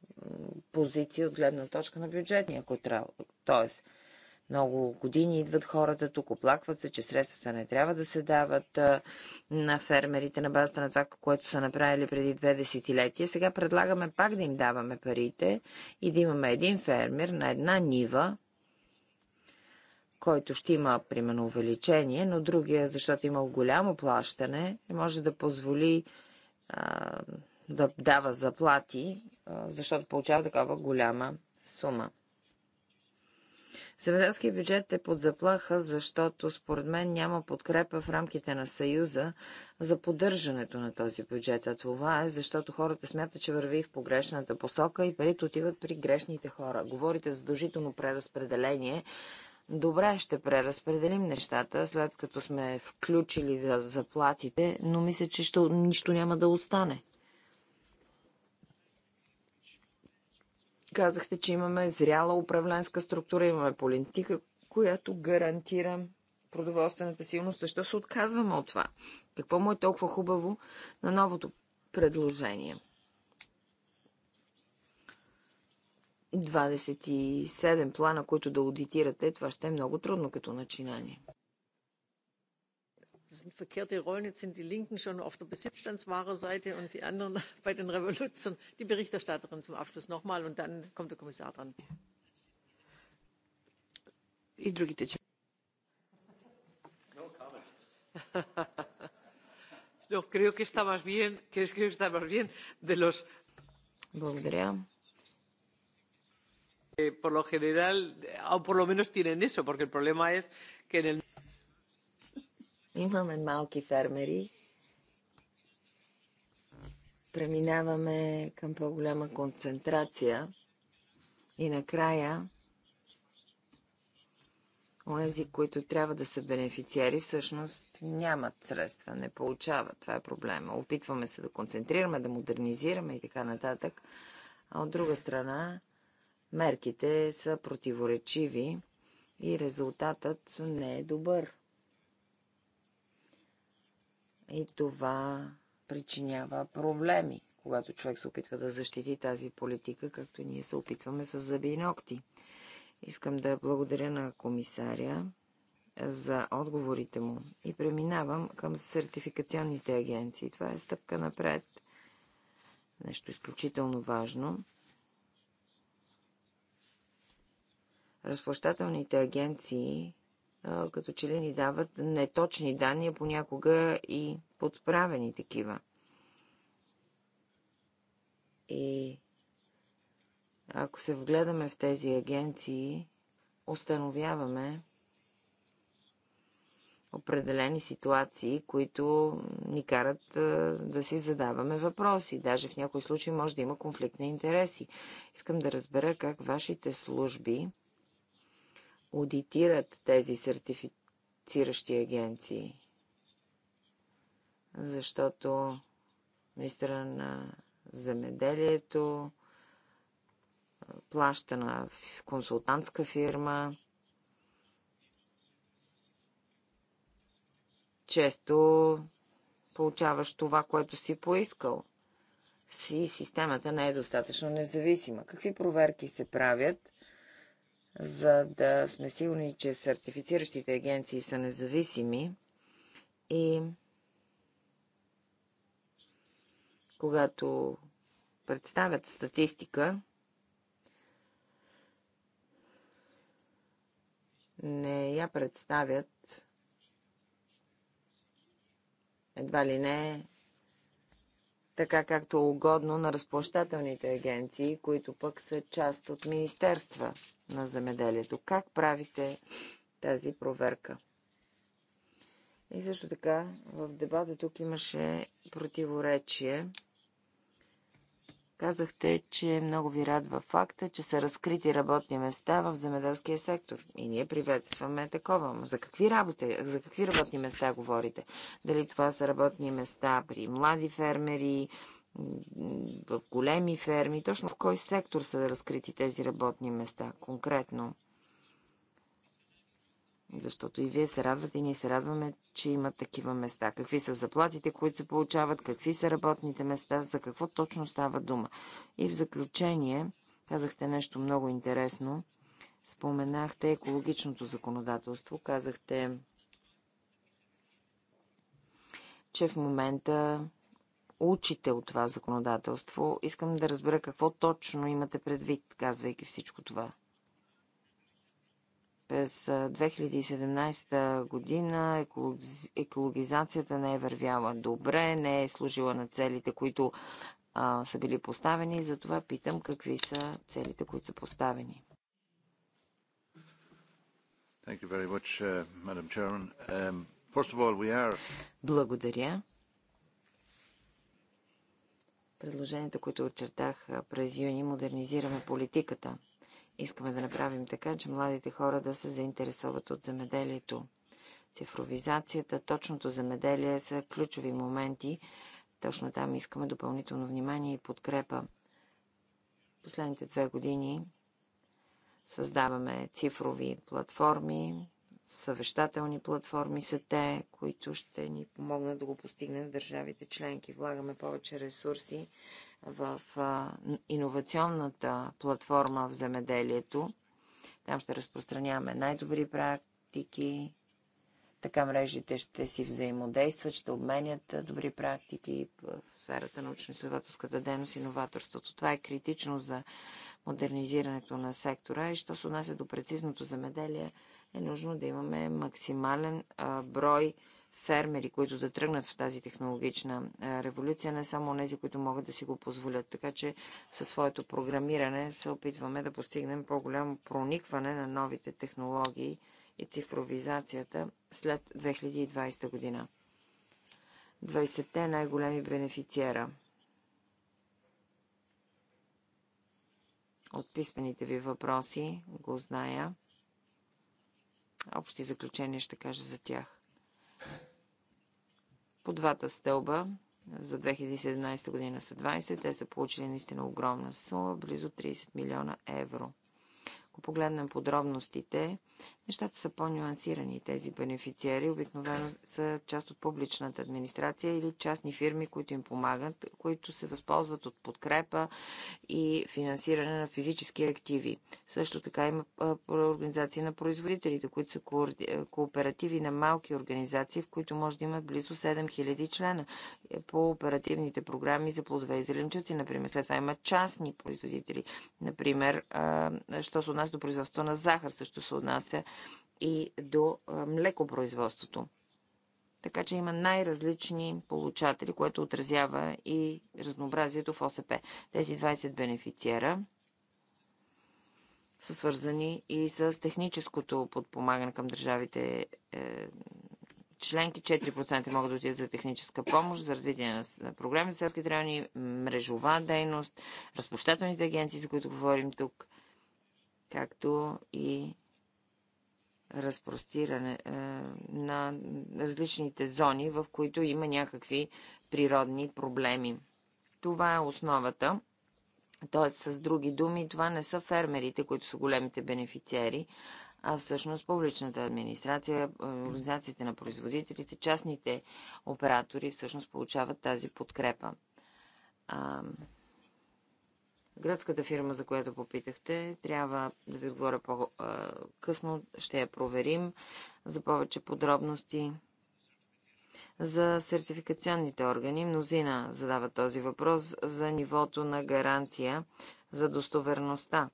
позиция от гледна точка на бюджетния контрол. Тоест, много години идват хората тук, оплакват се, че средствата не трябва да се дават на фермерите на базата на това, което са направили преди две десетилетия. Сега предлагаме пак да им даваме парите и да имаме един фермер на една нива, който ще има, примерно, увеличение, но другия, защото е имал голямо плащане, може да позволи а, да дава заплати, а, защото получава такава голяма сума. Земеделският бюджет е под заплаха, защото според мен няма подкрепа в рамките на Съюза за поддържането на този бюджет. А това е защото хората смятат, че върви в погрешната посока и парите отиват при грешните хора. Говорите за задължително преразпределение, добре, ще преразпределим нещата, след като сме включили да заплатите, но мисля, че нищо няма да остане. Казахте, че имаме зряла управленска структура, имаме политика, която гарантира продоволствената силност. Защо се отказваме от това? Какво му е толкова хубаво на новото предложение? 27 плана, които да аудитирате, това ще е много трудно като начинание das sind verkehrte Rollen. Jetzt sind die Linken schon auf der Seite und die anderen bei den Revolutionen. Die Berichterstatterin zum Abschluss nochmal und dann kommt der Kommissar dran. И другите. Yo creo que está más bien, que que está más bien de los. Благодаря. por lo general, o por lo menos tienen eso, porque el problema es que en el Имаме малки фермери. Преминаваме към по-голяма концентрация. И накрая, онези, които трябва да са бенефициери, всъщност нямат средства, не получават. Това е проблема. Опитваме се да концентрираме, да модернизираме и така нататък. А от друга страна, мерките са противоречиви и резултатът не е добър. И това причинява проблеми, когато човек се опитва да защити тази политика, както ние се опитваме с зъби и ногти. Искам да благодаря на комисаря за отговорите му и преминавам към сертификационните агенции. Това е стъпка напред. Нещо изключително важно. Разплащателните агенции като че ли ни дават неточни данни, а понякога и подправени такива. И ако се вгледаме в тези агенции, установяваме определени ситуации, които ни карат да си задаваме въпроси. Даже в някои случаи може да има конфликт на интереси. Искам да разбера как вашите служби аудитират тези сертифициращи агенции. Защото министра на земеделието плаща на консултантска фирма. Често получаваш това, което си поискал. Си системата не е достатъчно независима. Какви проверки се правят? за да сме сигурни, че сертифициращите агенции са независими и когато представят статистика, не я представят едва ли не така както е угодно на разплащателните агенции, които пък са част от министерства на земеделието. Как правите тази проверка? И също така, в дебата тук имаше противоречие. Казахте, че много ви радва факта, че са разкрити работни места в земеделския сектор. И ние приветстваме такова. За какви, работи, за какви работни места говорите? Дали това са работни места при млади фермери, в големи ферми. Точно в кой сектор са разкрити тези работни места конкретно? Защото и вие се радвате, и ние се радваме, че има такива места. Какви са заплатите, които се получават, какви са работните места, за какво точно става дума. И в заключение, казахте нещо много интересно. Споменахте екологичното законодателство. Казахте, че в момента учите от това законодателство. Искам да разбера какво точно имате предвид, казвайки всичко това. През 2017 година екологизацията не е вървяла добре, не е служила на целите, които а, са били поставени и затова питам какви са целите, които са поставени. Uh, um, Благодаря предложенията, които очертах през юни, модернизираме политиката. Искаме да направим така, че младите хора да се заинтересуват от земеделието. Цифровизацията, точното земеделие са ключови моменти. Точно там искаме допълнително внимание и подкрепа. Последните две години създаваме цифрови платформи, съвещателни платформи са те, които ще ни помогнат да го постигнем в държавите членки. Влагаме повече ресурси в иновационната платформа в земеделието. Там ще разпространяваме най-добри практики, така мрежите ще си взаимодействат, ще обменят добри практики в сферата на научно-изследователската дейност и новаторството. Това е критично за модернизирането на сектора и що се отнася до прецизното земеделие, е нужно да имаме максимален брой фермери, които да тръгнат в тази технологична революция, не само тези, които могат да си го позволят. Така че със своето програмиране се опитваме да постигнем по-голямо проникване на новите технологии и цифровизацията след 2020 година. 20-те най-големи бенефициера от писмените ви въпроси, го зная. Общи заключения ще кажа за тях. По двата стълба за 2017 година са 20. Те са получили наистина огромна сума, близо 30 милиона евро. Ако погледнем подробностите, нещата са по-нюансирани. Тези бенефициери обикновено са част от публичната администрация или частни фирми, които им помагат, които се възползват от подкрепа и финансиране на физически активи. Също така има организации на производителите, които са кооперативи на малки организации, в които може да имат близо 7000 члена по оперативните програми за плодове и зеленчуци, например. След това има частни производители, например, що отнася до производството на захар, също се отнася и до млекопроизводството. Така че има най-различни получатели, което отразява и разнообразието в ОСП. Тези 20 бенефициера са свързани и с техническото подпомагане към държавите е, членки. 4% могат да отидат за техническа помощ, за развитие на, програми за селските райони, мрежова дейност, разпощателните агенции, за които говорим тук – както и разпростиране е, на различните зони, в които има някакви природни проблеми. Това е основата. Тоест, с други думи, това не са фермерите, които са големите бенефициери, а всъщност публичната администрация, е, организациите на производителите, частните оператори всъщност получават тази подкрепа. А, Гръцката фирма, за която попитахте, трябва да ви отговоря по-късно. Ще я проверим за повече подробности. За сертификационните органи мнозина задава този въпрос за нивото на гаранция за достоверността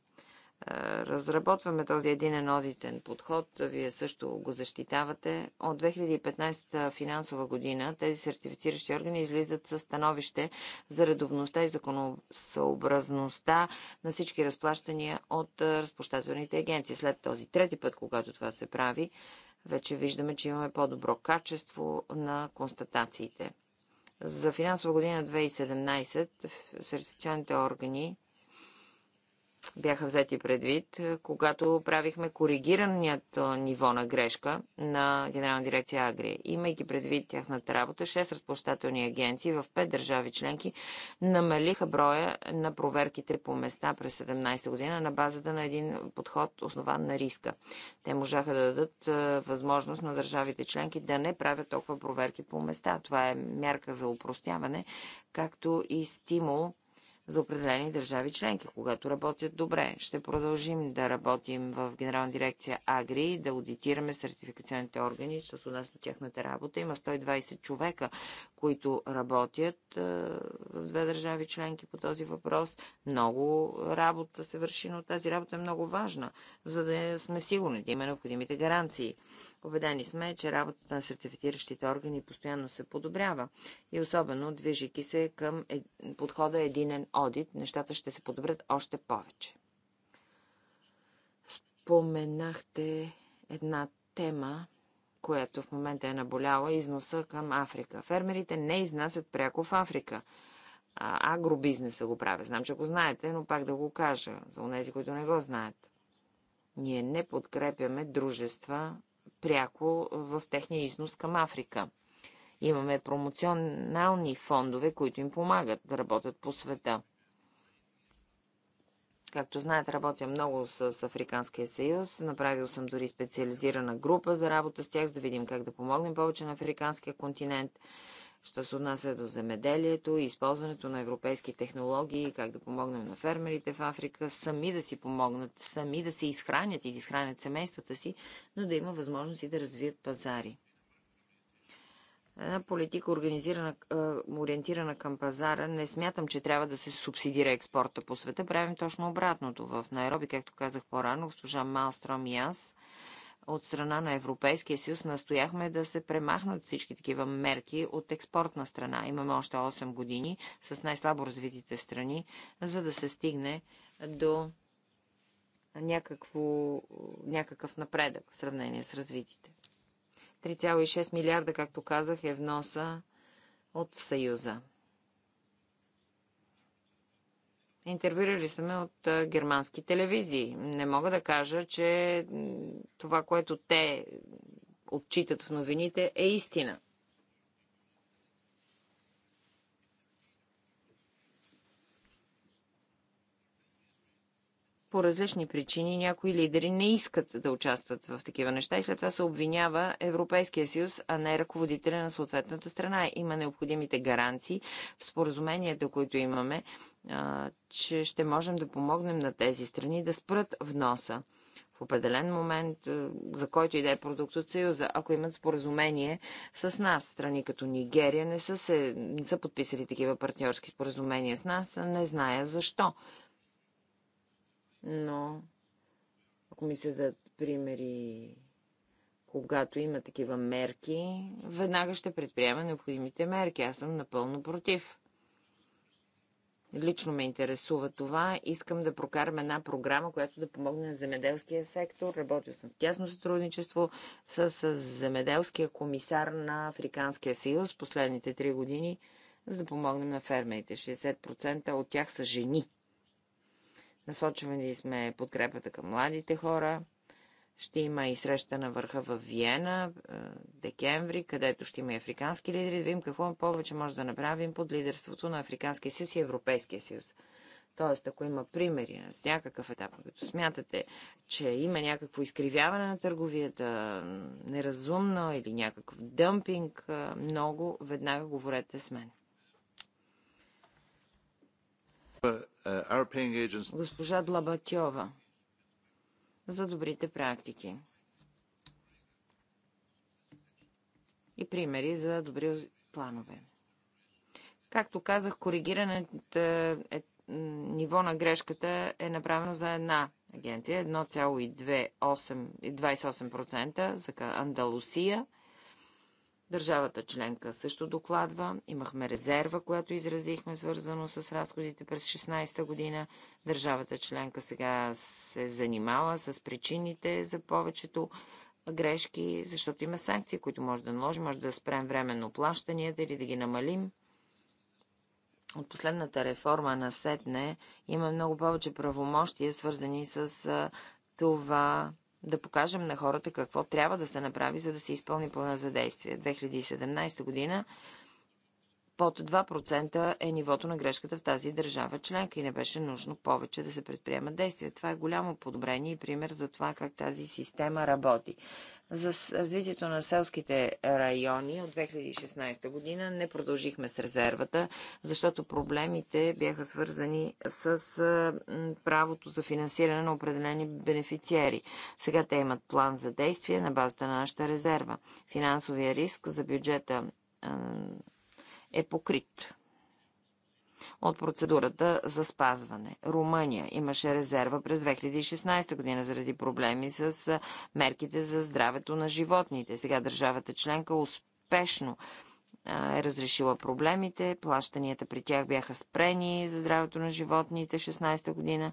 разработваме този единен одитен подход. Вие също го защитавате. От 2015 финансова година тези сертифициращи органи излизат със становище за редовността и законосъобразността на всички разплащания от разплащателните агенции. След този трети път, когато това се прави, вече виждаме, че имаме по-добро качество на констатациите. За финансова година 2017 сертификационните органи бяха взети предвид, е, когато правихме коригираният е, ниво на грешка на Генерална дирекция Агрия. Имайки предвид тяхната работа, 6 разплащателни агенции в 5 държави членки намалиха броя на проверките по места през 17 година на базата на един подход основан на риска. Те можаха да дадат е, възможност на държавите членки да не правят толкова проверки по места. Това е мярка за упростяване, както и стимул за определени държави членки, когато работят добре. Ще продължим да работим в Генерална дирекция Агри, да аудитираме сертификационните органи, с се отнася до тяхната работа. Има 120 човека, които работят е, в две държави членки по този въпрос. Много работа се върши, но тази работа е много важна, за да сме сигурни да има необходимите гаранции. Обедени сме, че работата на сертифициращите органи постоянно се подобрява и особено движики се към е, подхода единен одит нещата ще се подобрят още повече. Споменахте една тема, която в момента е наболяла износа към Африка. Фермерите не изнасят пряко в Африка. А, агробизнеса го правят. Знам, че го знаете, но пак да го кажа за тези, които не го знаят. Ние не подкрепяме дружества пряко в техния износ към Африка. Имаме промоционални фондове, които им помагат да работят по света. Както знаете, работя много с Африканския съюз. Направил съм дори специализирана група за работа с тях, за да видим как да помогнем повече на Африканския континент, що се отнася до земеделието и използването на европейски технологии, как да помогнем на фермерите в Африка, сами да си помогнат, сами да се изхранят и да изхранят семействата си, но да има възможности да развият пазари. Една политика, организирана, ориентирана към пазара, не смятам, че трябва да се субсидира експорта по света. Правим точно обратното. В Найроби, както казах по-рано, госпожа Малстром и аз, от страна на Европейския съюз настояхме да се премахнат всички такива мерки от експортна страна. Имаме още 8 години с най-слабо развитите страни, за да се стигне до някакво, някакъв напредък в сравнение с развитите. 3,6 милиарда, както казах, е вноса от Съюза. Интервюрали сме от германски телевизии. Не мога да кажа, че това, което те отчитат в новините, е истина. по различни причини някои лидери не искат да участват в такива неща и след това се обвинява Европейския съюз, а не ръководителя на съответната страна. Има необходимите гаранции в споразуменията, които имаме, че ще можем да помогнем на тези страни да спрат вноса в определен момент, за който и да е продукт от Съюза, ако имат споразумение с нас. Страни като Нигерия не са, се, не са подписали такива партньорски споразумения с нас, не зная защо но ако ми се дадат примери, когато има такива мерки, веднага ще предприема необходимите мерки. Аз съм напълно против. Лично ме интересува това. Искам да прокарам една програма, която да помогне на земеделския сектор. Работил съм в тясно сътрудничество с, с земеделския комисар на Африканския съюз последните три години, за да помогнем на фермерите. 60% от тях са жени. Насочвали сме подкрепата към младите хора. Ще има и среща на върха в Виена, е, декември, където ще има и африкански лидери, да видим какво повече може да направим под лидерството на Африканския съюз и Европейския съюз. Тоест, ако има примери на всякакъв етап, като смятате, че има някакво изкривяване на търговията, неразумно или някакъв дъмпинг, е, много, веднага говорете с мен. Uh, Госпожа Длабатьова за добрите практики и примери за добри планове. Както казах, коригирането е, ниво на грешката е направено за една агенция 1,28% за Андалусия – Държавата членка също докладва. Имахме резерва, която изразихме, свързано с разходите през 16-та година. Държавата членка сега се занимава с причините за повечето грешки, защото има санкции, които може да наложим, може да спрем временно плащанията или да ги намалим. От последната реформа на Сетне има много повече правомощия, свързани с това да покажем на хората какво трябва да се направи, за да се изпълни плана за действие. 2017 година под 2% е нивото на грешката в тази държава членка и не беше нужно повече да се предприемат действия. Това е голямо подобрение и пример за това как тази система работи. За развитието на селските райони от 2016 година не продължихме с резервата, защото проблемите бяха свързани с правото за финансиране на определени бенефициери. Сега те имат план за действие на базата на нашата резерва. Финансовия риск за бюджета е покрит от процедурата за спазване. Румъния имаше резерва през 2016 година заради проблеми с мерките за здравето на животните. Сега държавата членка успешно е разрешила проблемите, плащанията при тях бяха спрени за здравето на животните 16 година.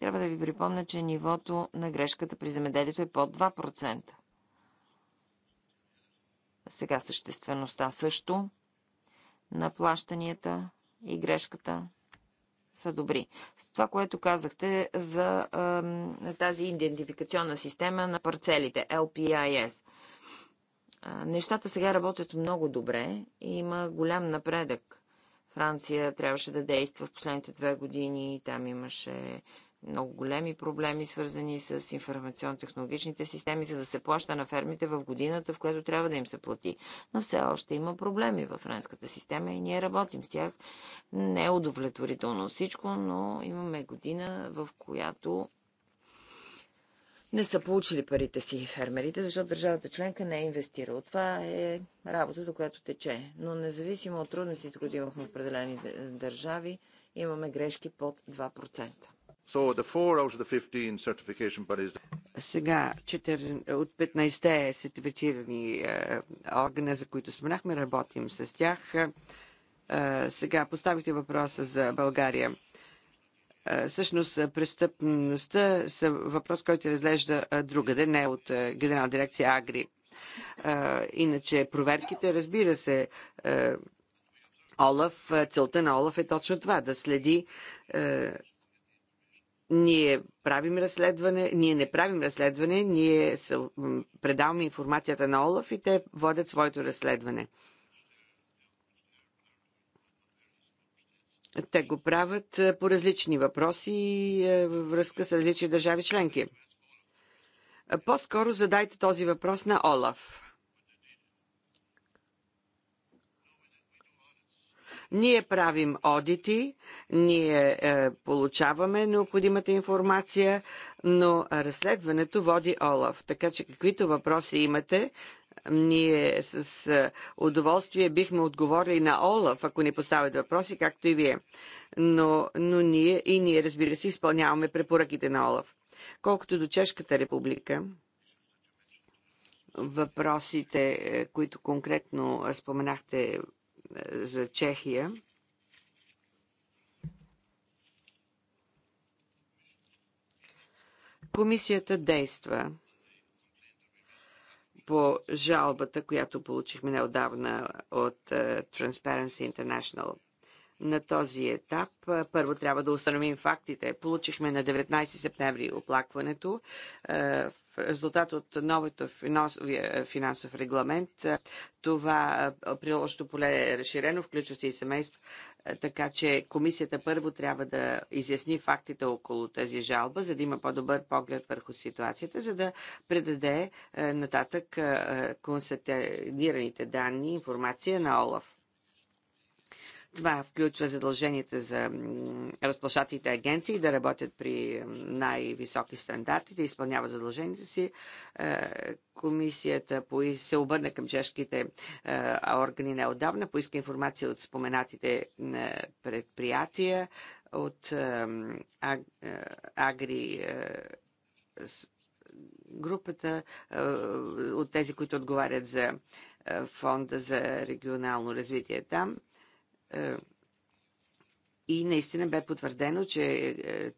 Трябва да ви припомня, че нивото на грешката при земеделието е под 2% сега съществеността също на плащанията и грешката са добри. С това, което казахте за а, тази идентификационна система на парцелите, LPIS. Нещата сега работят много добре и има голям напредък. Франция трябваше да действа в последните две години. Там имаше много големи проблеми, свързани с информационно-технологичните системи, за да се плаща на фермите в годината, в която трябва да им се плати. Но все още има проблеми в френската система и ние работим с тях. Не е удовлетворително всичко, но имаме година, в която не са получили парите си фермерите, защото държавата членка не е инвестирала. Това е работата, която тече. Но независимо от трудностите, които имахме в определени държави, имаме грешки под 2%. Сега 4, от 15-те сертифицирани е, органа, за които споменахме, работим с тях. Е, сега поставихте въпроса за България. Е, всъщност е, престъпността са въпрос, който се разглежда е, другаде, не от е, Генерална дирекция Агри. Иначе проверките, разбира се, Олаф, целта на Олаф е точно това, да следи ние правим разследване, ние не правим разследване, ние предаваме информацията на Олаф и те водят своето разследване. Те го правят е, по различни въпроси и е, във връзка с различни държави членки. Е, по-скоро задайте този въпрос на Олаф. Ние правим одити, ние е, получаваме необходимата информация, но разследването води Олаф. Така че каквито въпроси имате, ние с е, удоволствие бихме отговорили на Олаф, ако ни поставят въпроси, както и вие. Но, но ние и ние, разбира се, изпълняваме препоръките на Олаф. Колкото до Чешката република, въпросите, е, които конкретно е, споменахте за Чехия. Комисията действа по жалбата, която получихме неодавна от е, Transparency International. На този етап е, първо трябва да установим фактите. Получихме на 19 септември оплакването. В е, в резултат от новото финансов регламент. Това приложното поле е разширено, включва се и семейство, така че комисията първо трябва да изясни фактите около тази жалба, за да има по-добър поглед върху ситуацията, за да предаде нататък констатираните данни, информация на ОЛАФ. Това включва задълженията за разплащателните агенции да работят при най-високи стандарти, да изпълняват задълженията си. Е, комисията се обърна към чешките е, органи неодавна, поиска информация от споменатите предприятия, от е, агри групата от тези, които отговарят за фонда за регионално развитие там. Е, и наистина бе потвърдено, че е,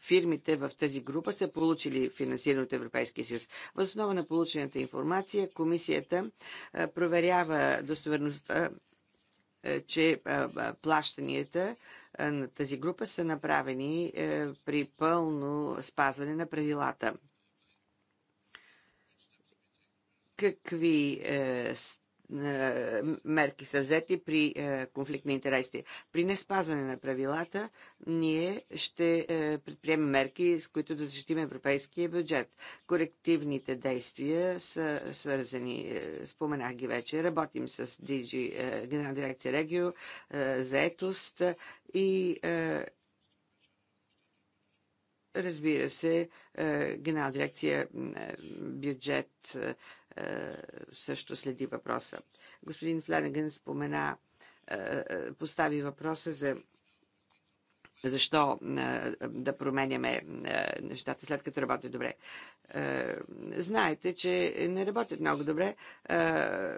фирмите в тази група са получили финансиране от Европейския съюз. Въз основа на получената информация, комисията е, проверява достоверността че плащанията на тази група са направени при пълно спазване на правилата. Какви е, мерки са взети при е, конфликт на интереси. При неспазване на правилата ние ще е, предприемем мерки, с които да защитим европейския бюджет. Корективните действия са свързани, споменах ги вече. Работим с DG, Генерална дирекция Регио, заетост и разбира се, Генерална дирекция бюджет е, също следи въпроса. Господин Фленеген спомена, е, е, постави въпроса за защо да променяме нещата след като работи добре. Знаете, че не работят много добре.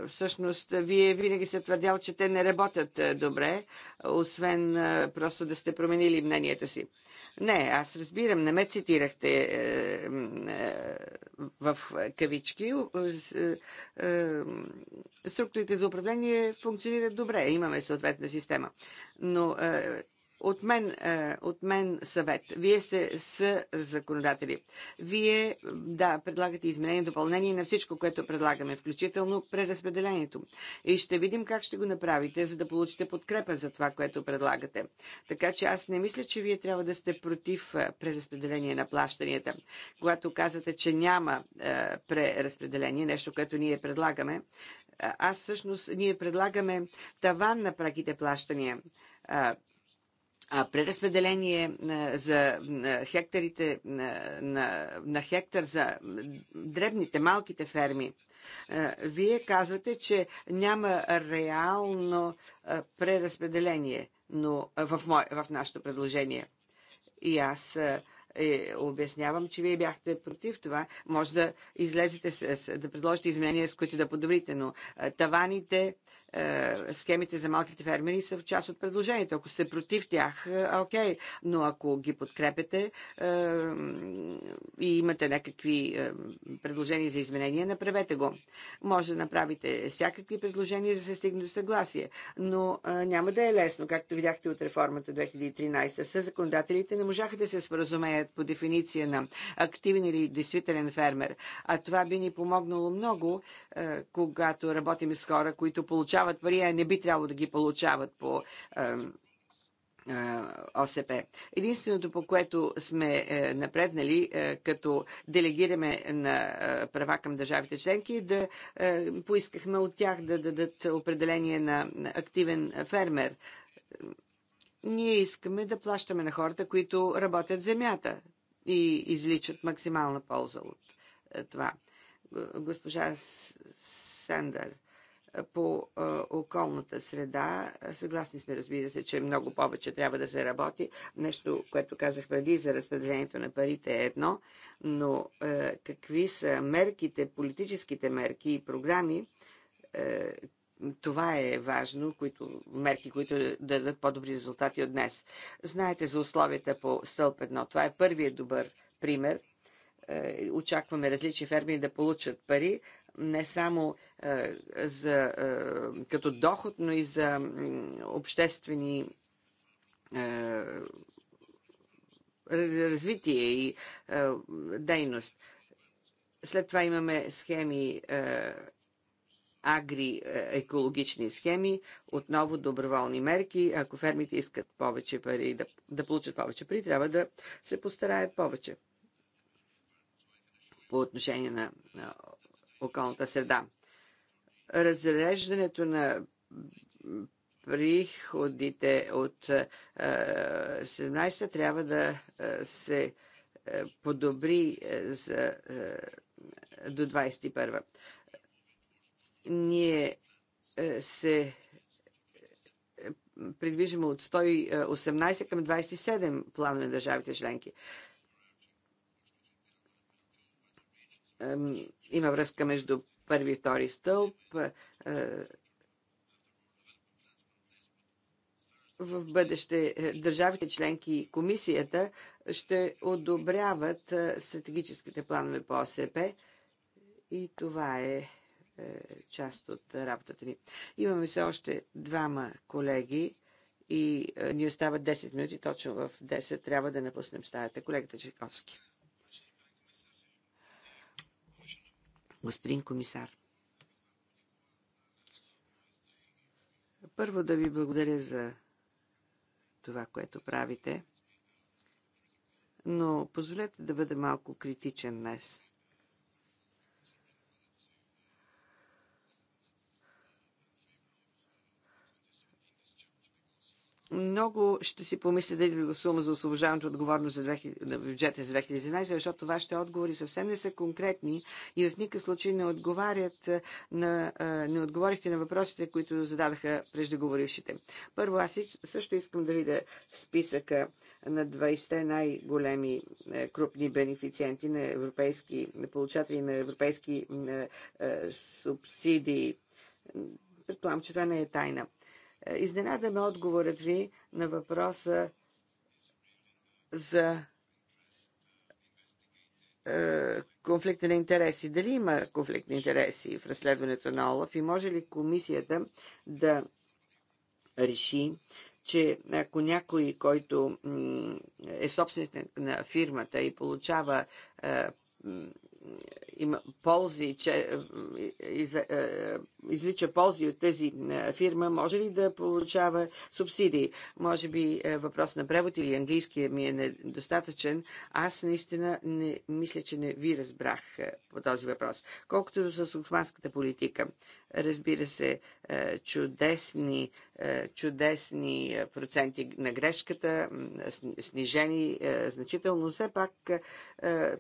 Всъщност, вие винаги се твърдял, че те не работят добре, освен просто да сте променили мнението си. Не, аз разбирам, не ме цитирахте в кавички, е, е, структурите за управление функционират добре. Имаме съответна система. Но е, от мен, е, от мен съвет. Вие сте с законодатели. Вие, да, предлагате изменение, и допълнение на всичко, което предлагаме, включително преразпределението. И ще видим как ще го направите, за да получите подкрепа за това, което предлагате. Така че аз не мисля, че вие трябва да сте против е, преразпределение на плащанията. Когато казвате, че няма е, преразпределение, нещо, което ние предлагаме, аз всъщност ние предлагаме таван на праките плащания а преразпределение за хектарите на, на хектар за дребните, малките ферми. Вие казвате, че няма реално преразпределение но, в, мое, в нашето предложение. И аз е, обяснявам, че вие бяхте против това. Може да излезете, с, с, да предложите изменения, с които да подобрите, но таваните е, схемите за малките фермери са в част от предложението. Ако сте против тях, е, окей, но ако ги подкрепете е, и имате някакви предложения за изменения, направете го. Може да направите всякакви предложения за да се стигне до съгласие, но няма да е лесно, както видяхте от реформата 2013. Със законодателите не можаха да се споразумеят по дефиниция на активен или действителен фермер, а това би ни помогнало много, когато работим с хора, които получават получават пари, а не би трябвало да ги получават по ОСП. Единственото, по което сме е, напреднали, е, като делегираме на е, права към държавите членки, да поискахме от тях да дадат определение на активен фермер. Ние искаме да плащаме на хората, които работят земята и изличат максимална полза от това. Госпожа Сандър по околната среда. Съгласни сме, разбира се, че много повече трябва да се работи. Нещо, което казах преди за разпределението на парите е едно, но какви са мерките, политическите мерки и програми, това е важно, които, мерки, които да дадат по-добри резултати от днес. Знаете за условията по стълб едно. Това е първият добър пример. Е, очакваме различни ферми да получат пари не само е, за, е, като доход, но и за обществени е, развитие и е, дейност. След това имаме схеми, е, агри е, екологични схеми, отново доброволни мерки. Ако фермите искат повече пари, да, да получат повече пари, трябва да се постараят повече по отношение на, на околната среда. Разреждането на приходите от 17 е, трябва да е, се е, подобри за, до 21. Ние се придвижим от 118 към 27 планове на държавите членки. има връзка между първи и втори стълб. В бъдеще е, държавите членки и комисията ще одобряват стратегическите планове по ОСП и това е, е част от работата ни. Имаме все още двама колеги и ни остават 10 минути. Точно в 10 трябва да напуснем стаята. Колегата Чайковски. господин комисар. Първо да ви благодаря за това, което правите, но позволете да бъда малко критичен днес – много ще си помисля дали да гласувам за освобождаването отговорност за 2000, на бюджета за 2011, защото вашите отговори съвсем не са конкретни и в никакъв случай не, отговарят на, не отговорихте на въпросите, които зададаха преждеговорившите. Първо, аз също искам да видя списъка на 20-те най-големи крупни бенефициенти на европейски, на получатели на европейски на, субсидии. Предполагам, че това не е тайна Изненадаме отговорът ви на въпроса за е, конфликта на интереси. Дали има конфликт на интереси в разследването на ОЛАФ и може ли комисията да реши, че ако някой, който е собственик на фирмата и получава е, има ползи, че е, из, е, излича ползи от тази е, фирма, може ли да получава субсидии? Може би въпрос на превод или английския ми е недостатъчен. Аз наистина не мисля, че не ви разбрах по този въпрос. Колкото с османската политика, Разбира се, е, чудесни, е, чудесни е, проценти на грешката, снижени значително. Все пак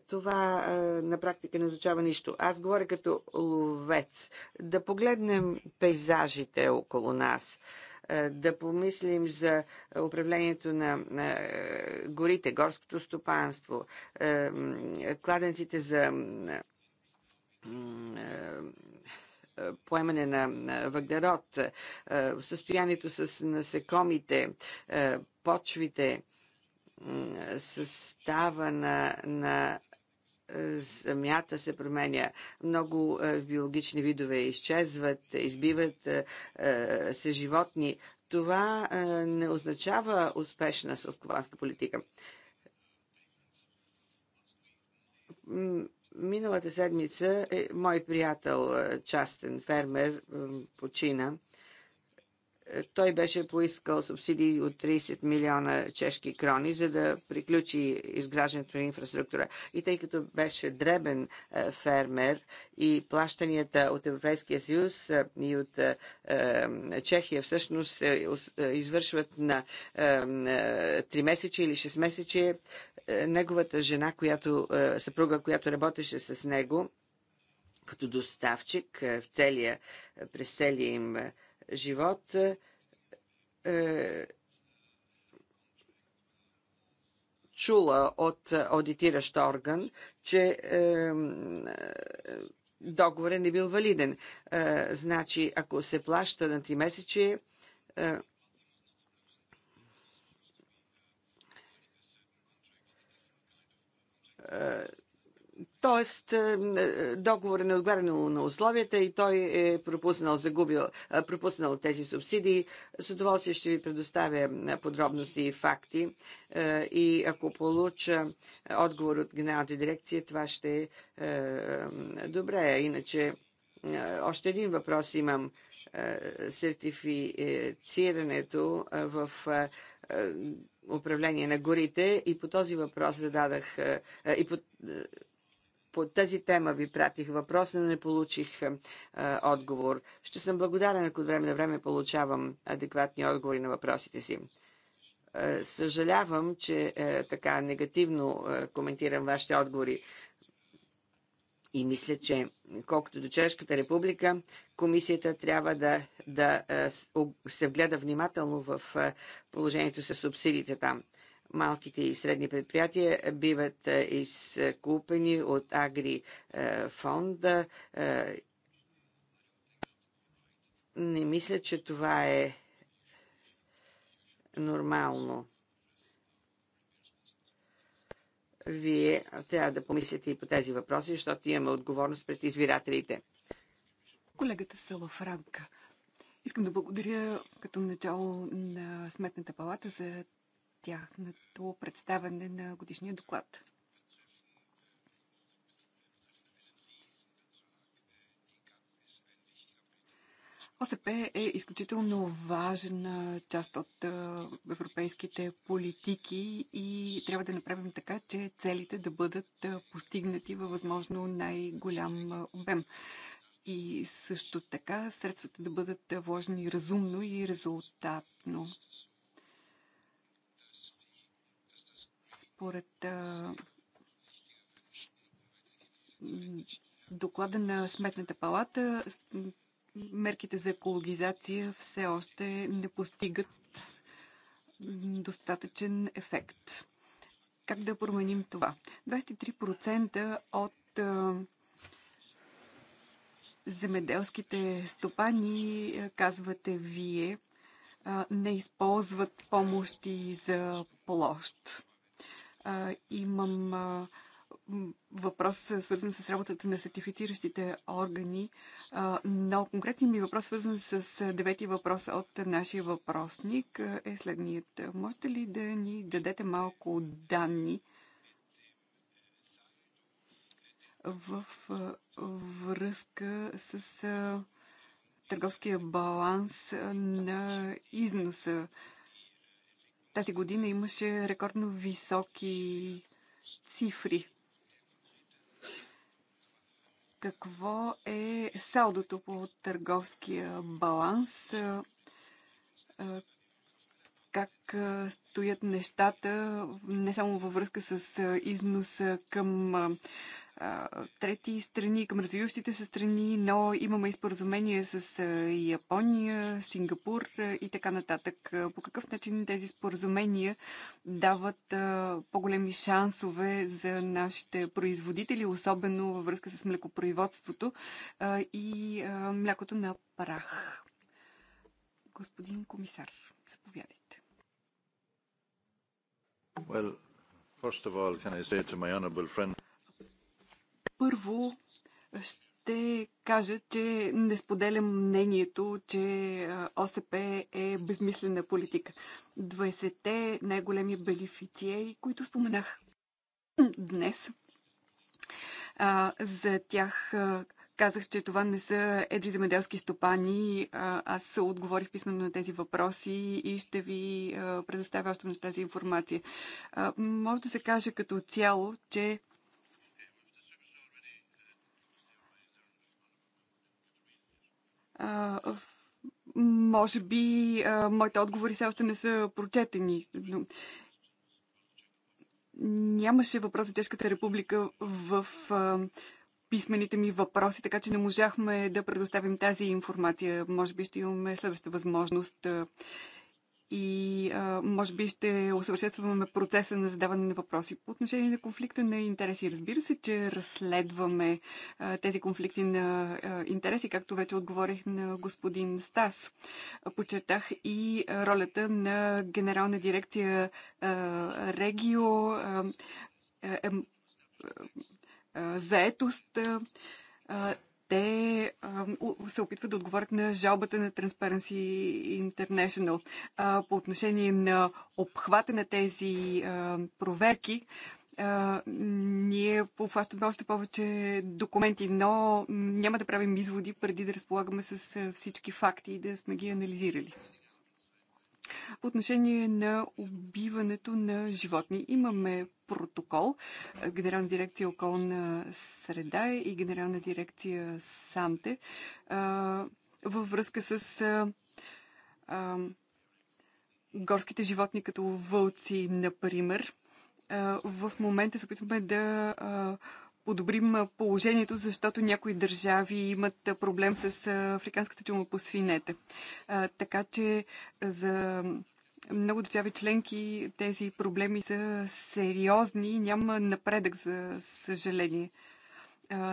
това на практика не означава нищо. Аз говоря като ловец. Да погледнем пейзажите около нас да помислим за управлението на горите, горското стопанство, кладенците за поемане на въглерод, е, състоянието с насекомите, е, почвите, състава на, на е, земята се променя. Много биологични видове изчезват, избиват се животни. Това не означава успешна селскобанска политика Миналата седмица е, мой приятел, е, частен фермер, почина той беше поискал субсидии от 30 милиона чешки крони, за да приключи изграждането на инфраструктура. И тъй като беше дребен е, фермер и плащанията от Европейския съюз е, и от е, Чехия всъщност се извършват на 3 месече или 6 месече, неговата жена, която, съпруга, която работеше с него, като доставчик в целия, през целия им живот е, чула от аудитиращ орган, че е, е, договорът не бил валиден. Е, значи, ако се плаща на три месечи, е, е Тоест, е, е, договор е неотговарял на условията и той е пропуснал, загубил, е, пропуснал тези субсидии. С удоволствие ще ви предоставя подробности и факти. И ако получа отговор от генералната дирекция, това ще е добре. Иначе, още един въпрос имам. Сертифицирането в управление на горите и по този въпрос зададах и по по тази тема ви пратих въпрос, но не получих а, е, отговор. Ще съм благодарен, ако от време на време получавам адекватни отговори на въпросите си. А, е, съжалявам, че а, е, така негативно а, коментирам вашите отговори. И мисля, че колкото до Чешката република, комисията трябва да, да се вгледа внимателно в положението с субсидиите там малките и средни предприятия биват е, изкупени от Агри е, фонда. Е, не мисля, че това е нормално. Вие трябва да помислите и по тези въпроси, защото имаме отговорност пред избирателите. Колегата Франка, Искам да благодаря като начало на Сметната палата за тяхното представяне на годишния доклад. ОСП е изключително важна част от европейските политики и трябва да направим така, че целите да бъдат постигнати във възможно най-голям обем. И също така средствата да бъдат вложени разумно и резултатно. Според доклада на Сметната палата, мерките за екологизация все още не постигат достатъчен ефект. Как да променим това? 23% от земеделските стопани, казвате вие, не използват помощи за площ имам въпрос, е свързан с работата на сертифициращите органи, но конкретният ми въпрос, свързан с девети въпрос от нашия въпросник, е следният. Можете ли да ни дадете малко данни в връзка с търговския баланс на износа тази година имаше рекордно високи цифри. Какво е салдото по търговския баланс? Как стоят нещата не само във връзка с износа към трети страни, към развиващите се страни, но имаме и споразумение с Япония, Сингапур и така нататък. По какъв начин тези споразумения дават по-големи шансове за нашите производители, особено във връзка с млекопроизводството и млякото на прах? Господин комисар, заповядайте. Well, first of all, can I say to my honorable friend... Първо, ще кажа, че не споделям мнението, че ОСП е безмислена политика. 20-те най-големи бенефициери, които споменах днес, за тях казах, че това не са едри земеделски стопани. Аз отговорих писменно на тези въпроси и ще ви предоставя още тази информация. Може да се каже като цяло, че може би а, моите отговори все още не са прочетени. Но... Нямаше въпрос за Чешката република в а, писмените ми въпроси, така че не можахме да предоставим тази информация. Може би ще имаме следваща възможност. А, и а, може би ще усъвършенстваме процеса на задаване на въпроси. По отношение на конфликта на интереси, разбира се, че разследваме а, тези конфликти на а, интереси, както вече отговорих на господин Стас. Почертах и ролята на Генерална дирекция а, Регио, а, а, а, а, заетост. А, те се опитват да отговорят на жалбата на Transparency International по отношение на обхвата на тези проверки а, ние обхващаме още повече документи, но няма да правим изводи преди да разполагаме с всички факти и да сме ги анализирали. По отношение на убиването на животни имаме протокол. Генерална дирекция околна среда и генерална дирекция самте във връзка с горските животни като вълци, например. В момента се опитваме да подобрим положението, защото някои държави имат проблем с африканската чума по свинете. Така че за много държави членки тези проблеми са сериозни и няма напредък, за съжаление.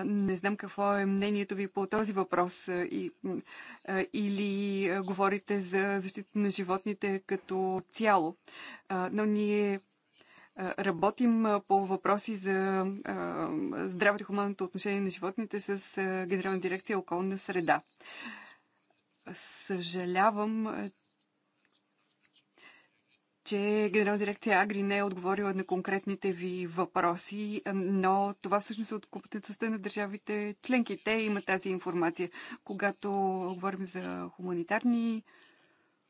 Не знам какво е мнението ви по този въпрос. Или говорите за защита на животните като цяло. Но ние Работим по въпроси за здравето и хуманното отношение на животните с Генерална дирекция околна среда. Съжалявам, че Генерална дирекция Агри не е отговорила на конкретните ви въпроси, но това всъщност е от компетентността на държавите членки. Те имат тази информация. Когато говорим за хуманитарни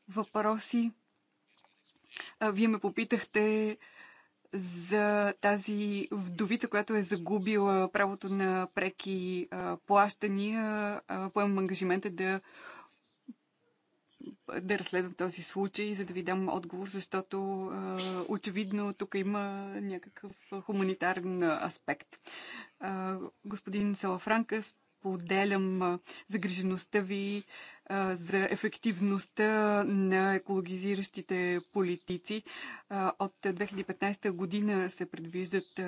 въпроси, вие ме попитахте за тази вдовица, която е загубила правото на преки плащания. Поемам ангажимента да да разследвам този случай, за да ви дам отговор, защото очевидно тук има някакъв хуманитарен аспект. господин Салафранкас споделям загрижеността ви за ефективността на екологизиращите политици. От 2015 година се предвиждат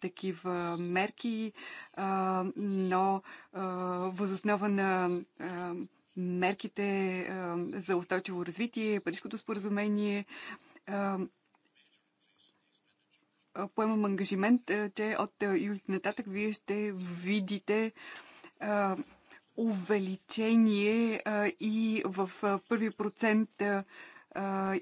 такива мерки, но възоснова на мерките за устойчиво развитие, Парижското споразумение, поемам ангажимент, че от юли нататък вие ще видите увеличение и в първи процент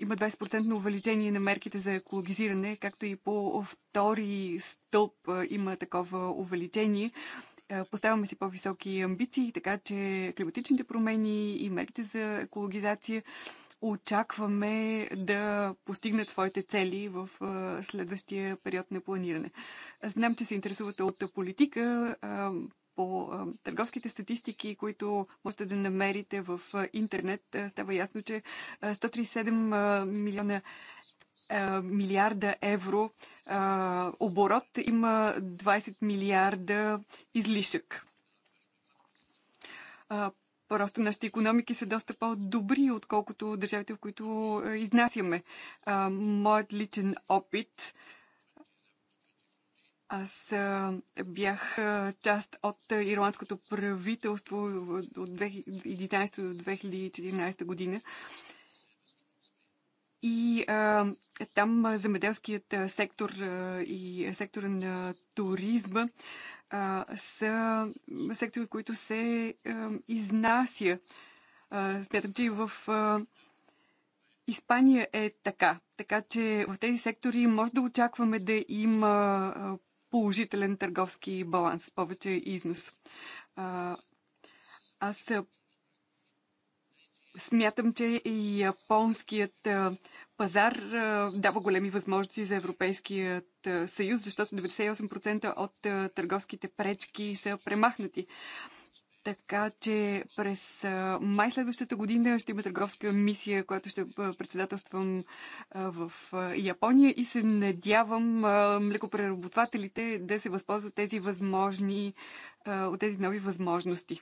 има 20% увеличение на мерките за екологизиране, както и по втори стълб има такова увеличение. Поставяме си по-високи амбиции, така че климатичните промени и мерките за екологизация очакваме да постигнат своите цели в следващия период на планиране. Знам, че се интересувате от политика по търговските статистики, които можете да намерите в интернет, става ясно, че 137 милиона милиарда евро оборот има 20 милиарда излишък. Просто нашите економики са доста по-добри, отколкото държавите, в които изнасяме. Моят личен опит аз бях част от ирландското правителство от 2011 до 2014 година. И а, там земеделският сектор а, и сектора на туризма а, са сектори, които се а, изнася. А, смятам, че и в а, Испания е така. Така че в тези сектори може да очакваме да има положителен търговски баланс, повече износ. Аз смятам, че и японският пазар дава големи възможности за Европейският съюз, защото 98% от търговските пречки са премахнати. Така че през май следващата година ще има търговска мисия, която ще председателствам в Япония и се надявам млекопреработвателите да се възползват тези възможни, от тези нови възможности.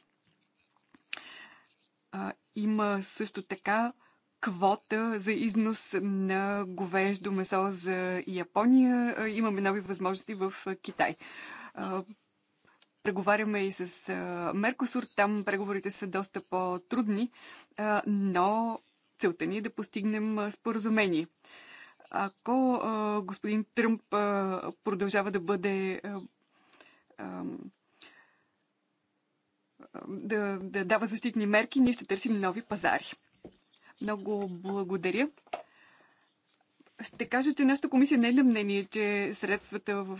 Има също така квота за износ на говеждо месо за Япония. Имаме нови възможности в Китай Преговаряме и с Меркосур. Там преговорите са доста по-трудни, но целта ни е да постигнем споразумение. Ако господин Тръмп продължава да бъде да, да дава защитни мерки, ние ще търсим нови пазари. Много благодаря. Ще кажа, че нашата комисия не е на мнение, че средствата в,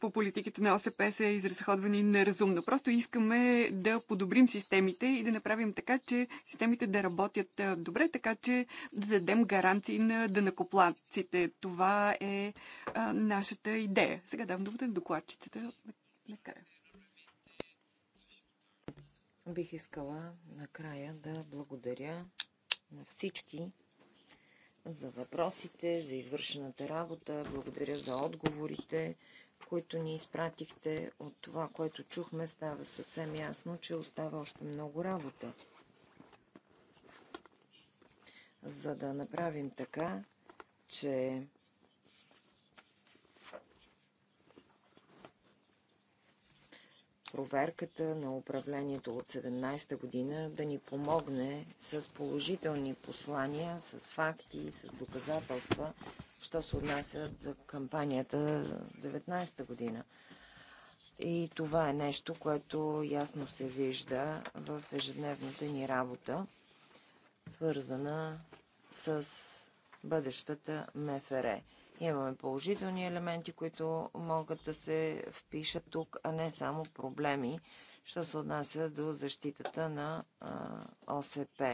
по политиките на ОСП са изразходвани неразумно. Просто искаме да подобрим системите и да направим така, че системите да работят добре, така че да дадем гаранции на дънакоплаците. Това е а, нашата идея. Сега давам думата на докладчицата. Накрая. Бих искала накрая да благодаря на всички за въпросите, за извършената работа. Благодаря за отговорите, които ни изпратихте. От това, което чухме, става съвсем ясно, че остава още много работа. За да направим така, че проверката на управлението от 17-та година да ни помогне с положителни послания, с факти, с доказателства, що се отнася за кампанията 19-та година. И това е нещо, което ясно се вижда в ежедневната ни работа, свързана с бъдещата МФР. Имаме положителни елементи, които могат да се впишат тук, а не само проблеми, що се отнася до защитата на ОСП.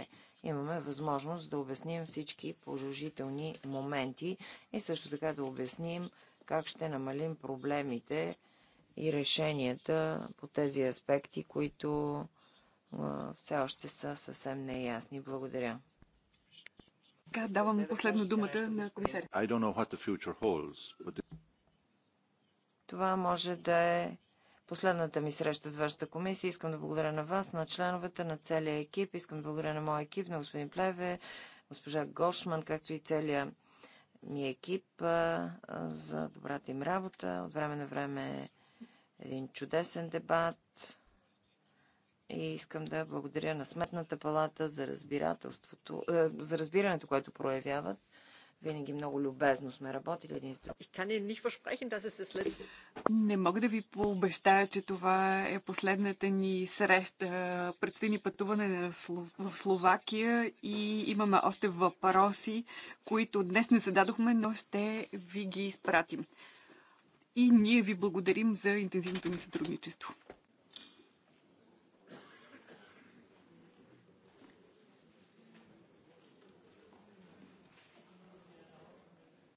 Имаме възможност да обясним всички положителни моменти и също така да обясним как ще намалим проблемите и решенията по тези аспекти, които все още са съвсем неясни. Благодаря така давам последно думата на комисаря. Това може да е последната ми среща с вашата комисия. Искам да благодаря на вас, на членовете, на целия екип. Искам да благодаря на моя екип, на господин Плеве, госпожа Гошман, както и целия ми екип за добрата им работа. От време на време е един чудесен дебат и искам да благодаря на Сметната палата за, разбирателството, е, за разбирането, което проявяват. Винаги много любезно сме работили един с друг. Не мога да ви пообещая, че това е последната ни среща. Предстои ни пътуване в Словакия и имаме още въпроси, които днес не зададохме, но ще ви ги изпратим. И ние ви благодарим за интензивното ни сътрудничество.